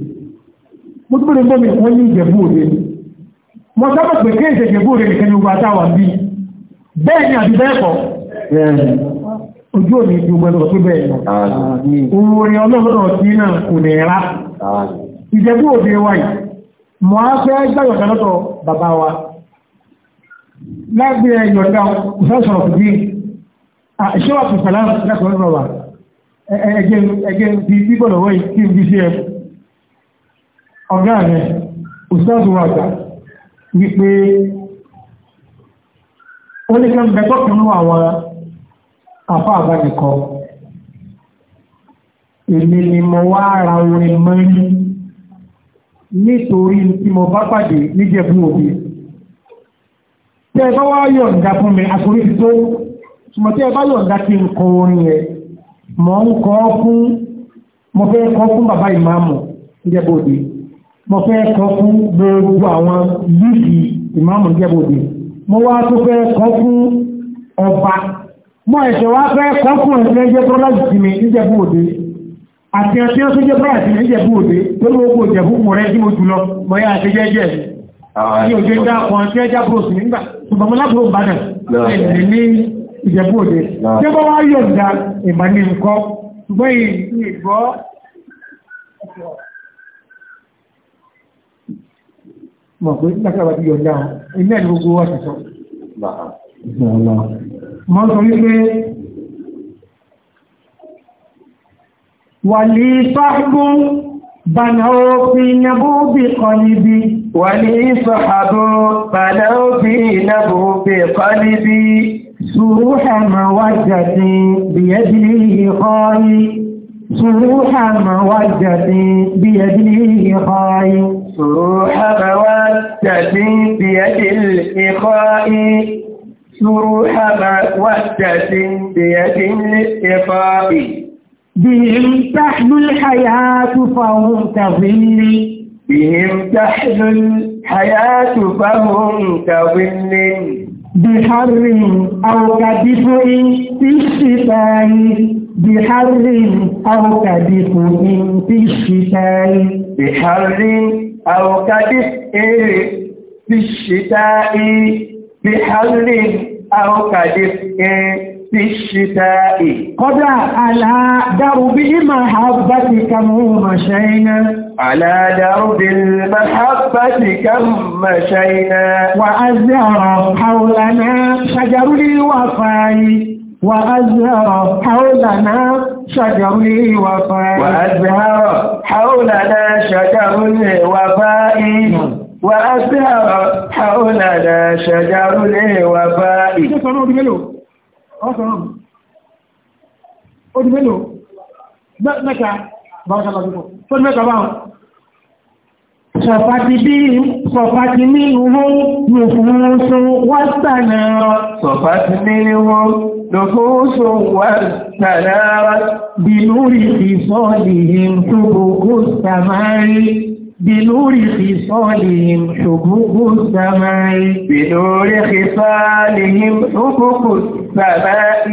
mo tún bẹ̀rẹ̀ ń bọ́mi wọ́n ní ìjẹ̀bú òde ni mo sábà pé kí èsè ìjẹ̀bú òde nìkan ni gbogbo àtàwà bí bẹ́ẹ̀ ni àbí bẹ́ẹ̀ kọ́ ojú òní ju gbogbo ẹ̀dọ̀ tó bẹ́ẹ̀ lọ orin ọlọ́rọ̀ tí náà kò lè rá ìjẹ̀bú òde wa yìí mo á fẹ́ gbàyọ̀ kálọ́tọ̀ bàbá wa lágbẹ̀ẹ́ yọ̀dá ìfẹ́ again again bíbọ̀ lọ́wọ́ kí n bí sí ẹ ọ̀gá rẹ̀ òṣìṣẹ́ wàgbà wípé ó ní kan ní àwọn àfá àbánikọ èmi ni mo wá ara orin mọ́rí nítorí tí mo bá pàdé níjẹ̀bú òbí tí ẹ bá wá yọ̀ǹda fún mi àkórí tó ṣùgbọ́n tí ẹ bá yọ̀ǹda mọ̀ ń kọ́ fún mo fẹ́ kọ́ fún bàbá ìmáàmù jẹ́bòdì mo fẹ́ kọ́ fún gbogbo àwọn líìsì ìmáàmù jẹ́bòdì mo wá tó fẹ́ kọ́ fún ọba mo ẹ̀ṣẹ̀ wá fẹ́ kọ́ fún ẹ̀ṣẹ̀ jẹ́ bọ́lá jìmì jẹ́bòdì àti ọtí ó tó jẹ́ bọ́lá jìmì jẹ́bòdì tó ló gbò jẹ́ fún rẹ̀ tí mo jùlọ mọ̀ yá àti jẹ́jẹ́ ní òjò ìdá tí ẹjá bòsì nígbà ṣùgbọ́n mo lábúrò bàdàn ní ìjẹ̀bú òde tí wọ́n wá yọ̀ǹda ìmọ̀ ní nǹkan ṣùgbọ́n ìgbọ́ mọ̀ pé lákàbà ti yọ̀ǹda ilé ẹ̀ gbogbo wà ti sọ mọ́ sọ wípé wà ní sáàbùn بنوا في نبوب قلبي ولي صحب بنوا في نبوب قلبي سروح مودة بيدليه خاي سروح مودة بيدليه خاي سروح مودة بيد الإخاء سروح مودة بيد الإخاء بهم تحل الحياة فهم تظل بهم تحل الحياة فهم تظل بحر أو كدفء في الشتاء بحر أو كدفء في الشتاء بحر أو كدفء في الشتاء بحر أو كدفء في الشتاء قد على درب محبتك مو مشينا على درب المحبة كم مشينا وأزهر حولنا شجر الوفاء وأزهر حولنا شجر الوفاء وأزهر حولنا شجر الوفاء وأزهر حولنا شجر الوفاء أدملوا متى بارك الله فيكم tó mẹ́ta bá wọn sọ̀fàtí bí sọ̀fàtí ní ìwó lòfúnúsùn wọ́sànára sọ̀fàtí ní ìwó lòfúnúsùn wọ́sànára bìlúrí fi sọ́ọ̀lìhìn ṣògbògbò sàmárì بنور خصالهم حقوق السماء بنور خصالهم حقوق السماء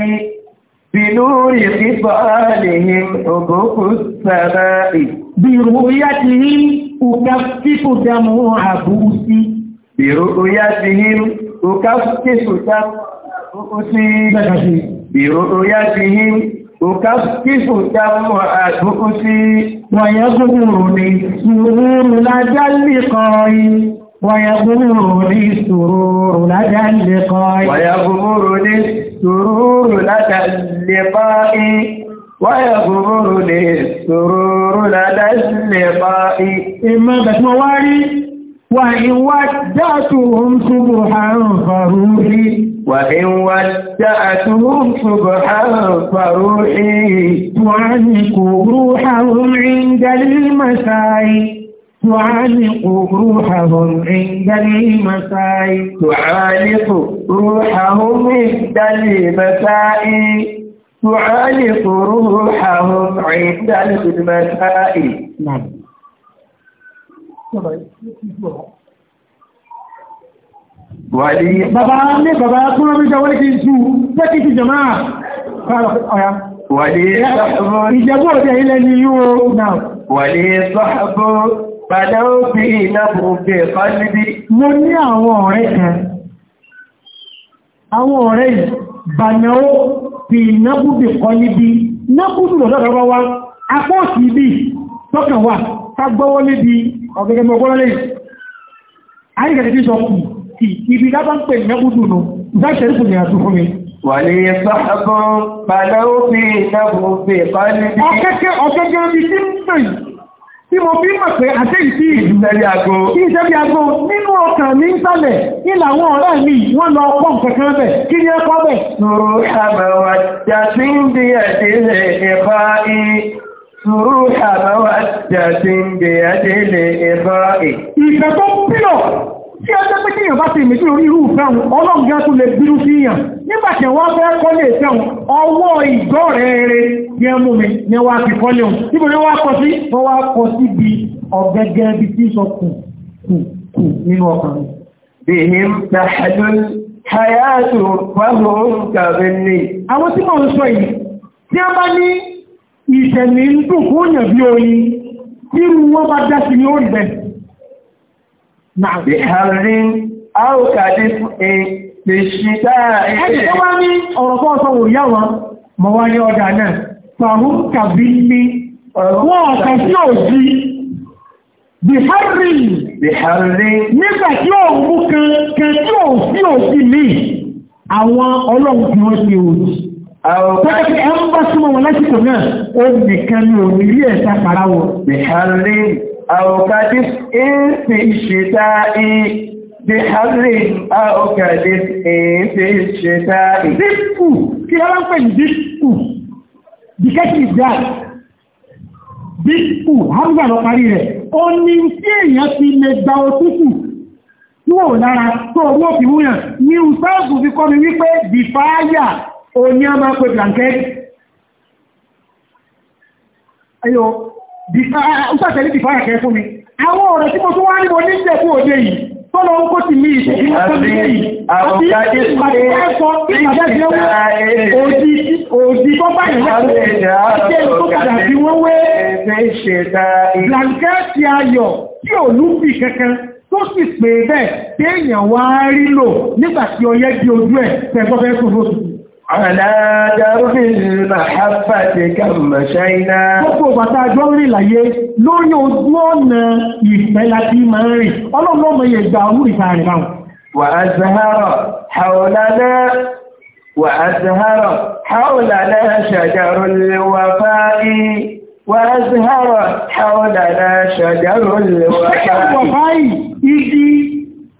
بنور خصالهم حقوق السماء برؤيتهم أكفف دموع بوسي برؤيتهم أكفف دموع بوسي برؤيتهم أكفف دموع بوسي ويغمرني سرور لدى اللقاء ويغمرني سرور لدى اللقاء ويغمرني سرور لدى اللقاء ويغمرني لي السرور لدى اللقاء إما بسمواري وإن ودعتهم صبحا فروحي وإن ودعتهم صبحا فروحي تعلق روحهم عند المساء تعانق روحهم عند المساء تعلق روحهم عند المساء تعلق روحهم عند المساء نعم ولي بابا عمي بابا كنا بجوالك يسو تكي في جماعة قال آه. صحبه يجابوه في نعم. قلبي fi nábùdì kọ́ níbi nábùdì lọ́dọ̀ lọ́wọ́ wá apọ́ọ̀sì ibi tọ́kàn wà tágbọ́wọ́ níbi ọ̀gẹ́gẹ́ mọ́gbọ́lọ́lẹ́ àríkẹ̀ẹ́ tí sọ kù kì ibi lábá ń pè nábùdì nù ìdáṣẹ́rí kò ní àtú fún mi Wàlíyé sọ́kọ́ pàdánù fi ìtàbùn tí mo fi mọ̀ pé àṣẹ ìsí ìṣẹ́bí aago ìṣẹ́bí aago nínú ọkàn mi ń sálẹ̀ ilà àwọn ọ̀rẹ́ mi wọ́n lọ ọgbọ́n kankan bẹ̀ kí ni ẹkọ́ bẹ̀. sùúrù àbẹ̀wà jàdí ń bí ẹ̀dẹ́lẹ̀ ẹ̀bá i sùúrù àbẹ̀wà jàdí ń bí ẹ̀dẹ́lẹ̀ ẹ̀bá i. ìfẹ́ tó pílọ̀ tí ẹjọ́ pé kíyàn bá ti ìmìtí orí irú ìfẹ́hùn ọlọ́gbẹ́ tó lè bírú sí yàn nígbàtí wọ́n fẹ́ kọ́lé ìfẹ́hùn ọwọ́ ìgbọ́ rẹ̀ rẹ̀ ní ẹmú mi ní wá fi kọ́lé ohun níbo ni wọ́n kọ́ sí wọ́n wá kọ́ sí bí ọ̀gẹ́gẹ́ bí tí sọ kù kù kù hayatu fahum kabini. àwọn tí mò ń sọ yìí tí a bá ní ìṣẹ̀lẹ̀ ń dùn fún òyìn bí oyin tí Bìhàrín, a ó kàdé fún ẹ, lè ṣe dáa ẹ̀. Ẹni tó wá ní ọ̀rọ̀ fọ́ ọ̀sán wò yá wọn, mọ̀ wá ní ọjà náà, fàhún kàbí ní wọ́n ọ̀kan sí òjì. Bìhàrín, Bìhàrín, nígbà tí ó mú kan, kan tí ó sí òjì ní àwọn ọlọ́run tí wọ́n ṣe òjì. Tọ́jọ́ pé ẹ àwòkàdé èéfì ìṣẹ̀dá ì bí harry àwòkàdé èéfì ìṣẹ̀dá ì. dípù kí wọ́n ń pè ní dípù dìkẹ́tì dá dípù hamza lọ parí rẹ̀ ó ní tí èèyàn ti lè gba òtútù tí wọ́n lára tó owó òfin múyàn ní ìsáàbù fi kọ́ mi wípé dìfáyà òní a máa pe blanket. Ayo, ọ̀sàtẹ̀lẹ́ ti fara kẹ́ fún mi àwọn ọ̀rọ̀ tí mo tún wá ní mo ní ìjẹ̀kú òde yìí tó lọ sì pè bẹ́ẹ̀ tí èèyàn wá rí lò nígbàtí ọyẹ́ di ojú ẹ̀ pẹ̀gbọ́fẹ́ fún fóṣùsù Àlá darúbí màháfàtì kàmà ṣáínà. Gbogbo bàtà àjọ ń rìn láyé lórí ojú ọ̀nà ìfẹ́ láti máa ń rìn. Ọlọ́run ọmọ yẹn gba owó lè wà fáì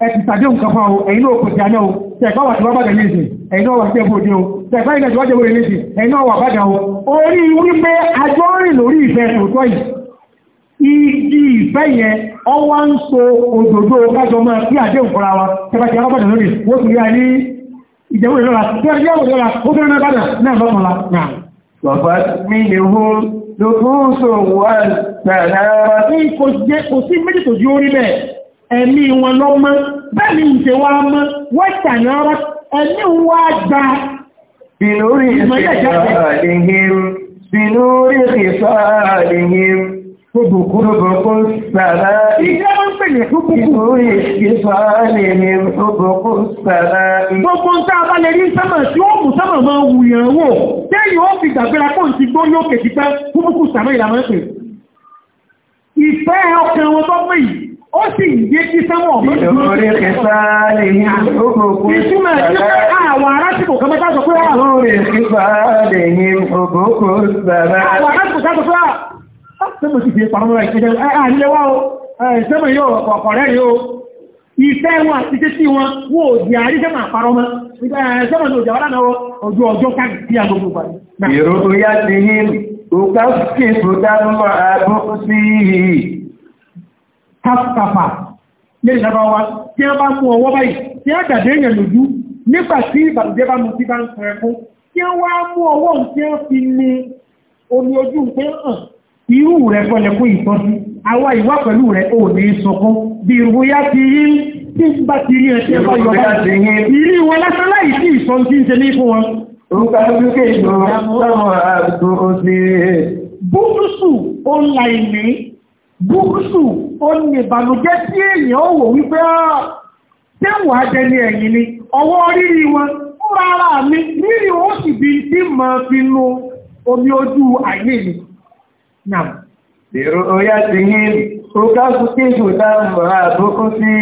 ẹ̀tìtàdé nǹkan fún ọ ẹ̀yìn náà kò jà náà tẹ̀gbá wà tí wọ́n bàjẹ́ léṣe ẹ̀yìn náà wà tí ẹ̀bọ̀ òde o tẹ̀gbá tí wọ́n jẹ́ wọ́n léṣe ẹ̀yìn náà wà bàjẹ́ o orí wípé ajọ́ rìn lórí ìfẹ́ tòótọ́ yìí igi ìfẹ́ yẹn ọwọ́ ń so òdòdó kájọ máa kí àdé òkúra wa tẹ́gbá ti arábàdàn wọ́n tún yá ní ẹ̀mí wọn lọ mọ́ bẹ́ẹ̀ni ìṣe wa mọ́ wọ́n ṣàyànrọ́ ẹ̀mí wa gba ìlórí ìṣẹ́lẹ̀hìn ìlórí ìṣẹ́lẹ̀hìn Fúbùkúrúbù kún sàrá ìlórí ìṣẹ́lẹ̀hìn fúbùkú sàrá. Gbogbo ń tá rí sánmà tí ó mú sánmà máa wùyàn wò, tẹ́yìn ó fi gbàgbéra kó ti gbó yóò kè ti pẹ́ fúbùkú sàrá ìlànà Ìfẹ́ ọkàn wọn bọ́ pè ó sì jẹ́ kí sánmọ̀ lórí kẹta lè ní àkókò ìtumọ̀ tí àwọn arásìkò kan mẹ́ta sọ pé wà lórí kẹta lè ní òkókò àwọn arásìkò kan sọ pé wà sẹ́mọ̀ sí fi pàmọ́ ní òjò ọ̀dánà ojú ọjọ́ káàkiri àgbogbo pàdé káfàfà ní ìjọba wa tí wọ́n bá mú ọwọ́ báyìí tí wọ́n dàdé èèyàn lójú nígbà tí ìbàlùjẹ́ bá mú sí bá ń sọ ẹkún tí wọ́n wá mú ọwọ́ tí wọ́n fi ní omi ojú pé hàn irú rẹ̀ gbọ́lẹ̀ kó ìtọ́sí àwa ìwà pẹ̀lú rẹ̀ ò ní sọkún bí ìrúbóyá ti rí tí ń bá ti rí ẹ̀ṣẹ́ bá yọ bá ìrí wọn lásán láì sí ìsọ tí ń ṣe ní fún wọn. orúkọ lókè ìṣòro sáwọn àgbò òsèré. búrúsù ó ń la ìní gúúsù oní ìbànújẹ́ tí èèyàn ó wò wípé tẹ́wọ̀n ah, ajẹni ẹ̀yìn ni ọwọ́ rírí wọn mi rírí ó sì bí tí mọ̀ fi nu omi ojú àyè mi. Èrò ọ̀yá ti ní ọgásù kéjù dáàmù àbúkú sí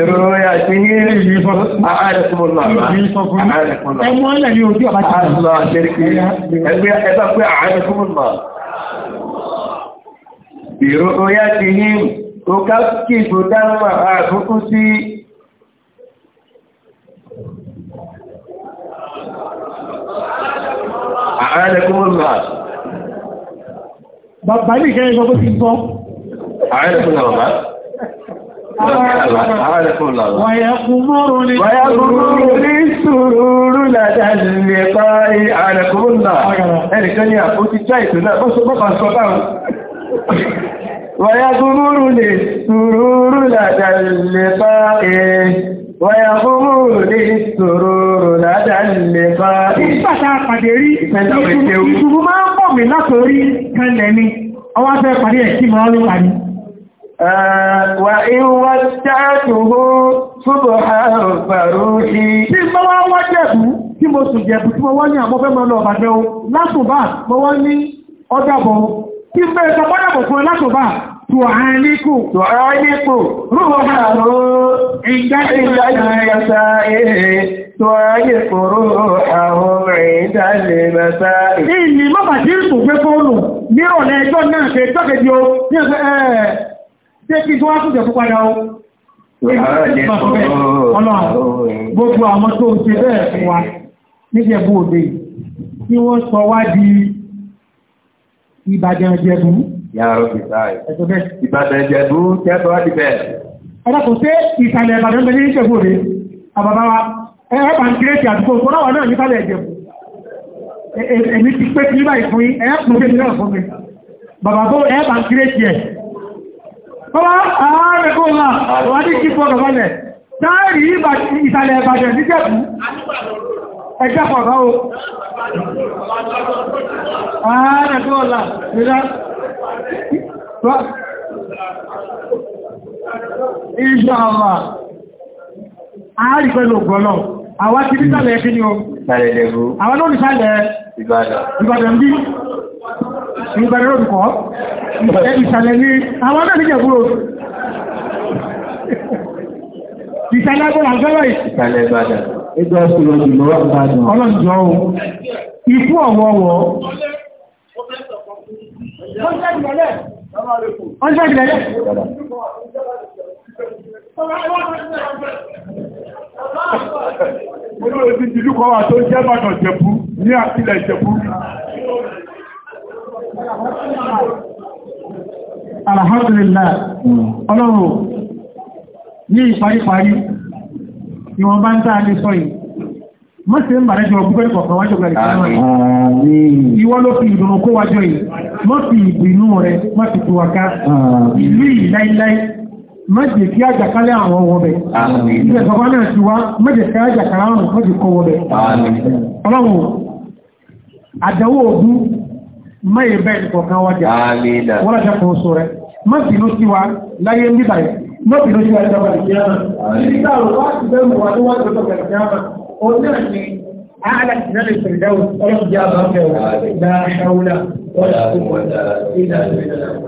Èrò ọ̀yá ti ní ìrìnlẹ̀ Ẹgbẹ́ ẹgbẹ́ àárẹ̀kúnmọ̀lá. Ìró oyá ti ní ọká kí ìgbò dámà àkókò sí ààrẹ kúrò Bàbá ní ìkẹrẹ ìjọba ti gbọ́. Ààrẹ fún làbàbá. Ààrẹ fún làbàbá. Wàyàkùnmọ́rò ní sùúrù ládàlẹ̀ pa ààrẹ kúrò náà. Ẹnìkan ni àkókò ti já ìtò náà, bọ́ ويغمر للسرور لدى اللقاء ويغمر للسرور لدى اللقاء Ìpàtà àpàdé rí, ìṣubú máa ń pọ̀ mí látorí kẹlẹ̀ ni, ọwá fẹ́ pàdé ẹ̀ kí máa ń pàdé. Wà ìwọ̀ tààtùhú túbọ̀ àrùn fàrúhí. Tí mọ́ wá wá jẹ̀bú, tí mo sùn jẹ̀bú tí Tùhálíkù. Tùhálíkù. Rúhàrú. Ìjájìlẹ̀ta èrè. Tùhálíkù rúhàrú ìjájìlẹ̀ta èrè. Ní ìlú mọ́bà tí ìtù gbé fóònù ní ọ̀nà ẹjọ́ náà ṣe tọ́kẹ̀dí o ní ọ̀sẹ̀ ẹ̀ẹ́ tí kí tó wá fún jẹ̀ púpadà o. Gbogbo àwọn tó ń ṣe bẹ́ẹ̀ fún wa níjẹ̀bú òde tí wọ́n sọ wá di Ìbàdàn jẹ̀bú yàrá òbí báyìí. Ìbàdàn ìjẹ̀bú tẹ́tọ́ ti bẹ̀. Ẹlẹ́kùn sí ìsàlẹ̀ Ìbàdàn bẹ̀rẹ̀ ìṣẹ̀bù rẹ̀, àbàbá wa, ẹ̀ẹ́pà ń kírètì àdúgbò tó náà wà náà nípàlẹ̀ ìjẹ̀bù. Èmi ti pé kí báyìí fún yín, ẹ̀ẹ́pùn sí náà fún mi. Bàbá bó ẹ̀ẹ́pà ń kírètì ẹ̀. Bọ́lá ààrẹ kó wà, wà ní kí fọ́ gọ̀gọ́lẹ̀. Táàrí ìsàlẹ̀ Ìbàdàn níjẹ̀bù. Ẹjẹ́ pọ̀ bá o. Ààrẹ kó wà, Ìṣàmà, àárí pẹ̀lú ògbọ́nà, àwa ti ní sàlẹ̀ kí ni o? Sàlẹ̀ lẹ́gbó. Àwọn náà ní sàlẹ̀ Ìbàdàn bí? Ìbàdàn ló dùkọ́? Ìsàlẹ̀ ní, àwọn náà ní jẹ̀búrò. Ìsàlẹ̀ agbọ́n àgbẹ́rẹ̀ ìsàlẹ̀ Ìbàdàn. Ẹgbẹ́ ọ̀sùn lọ wọ́n ṣe ìgbẹ̀lẹ̀ olóòrò ti jìlú kọwà tó jẹ́ bàtàn jẹ̀bú ní àtílẹ̀ jẹ̀bú alhamdulillah ọlọ́run ní ìparíparí ìwọ̀n bá ń tàà ní sọ́yìn mọ́sí ń bàrẹ́jọ ọgbẹ́ kọ̀ọ̀kan wájọ gbẹ̀rẹ̀ kan rẹ̀ ìwọ ló fi ìdùnnú kó wájọ yìí mọ́ fi ìbínú rẹ̀ mọ́ ti tó wáká ìlú yìí láíláí mọ́jẹ̀ kí àjàkálẹ̀ àwọn ọwọ́ bẹ̀ ilẹ̀ bàbá náà ti wá mọ́jẹ̀ kí àjàkálẹ̀ àwọn mọ́jẹ̀ kọ́ wọ́bẹ̀ ọlọ́run àdánwò ògún mẹ́yẹ bẹ́ẹ̀ kọ̀ọ̀kan wájà wọ́n lájá kan sọ rẹ̀ mọ́ bínú sí wa láyé ń bíbàrẹ̀ mọ́ bínú sí wa láyé ń bíbàrẹ̀ ونعني أعلى نبي في الدوس ورب جاب لا حول ولا قوة إلا بالله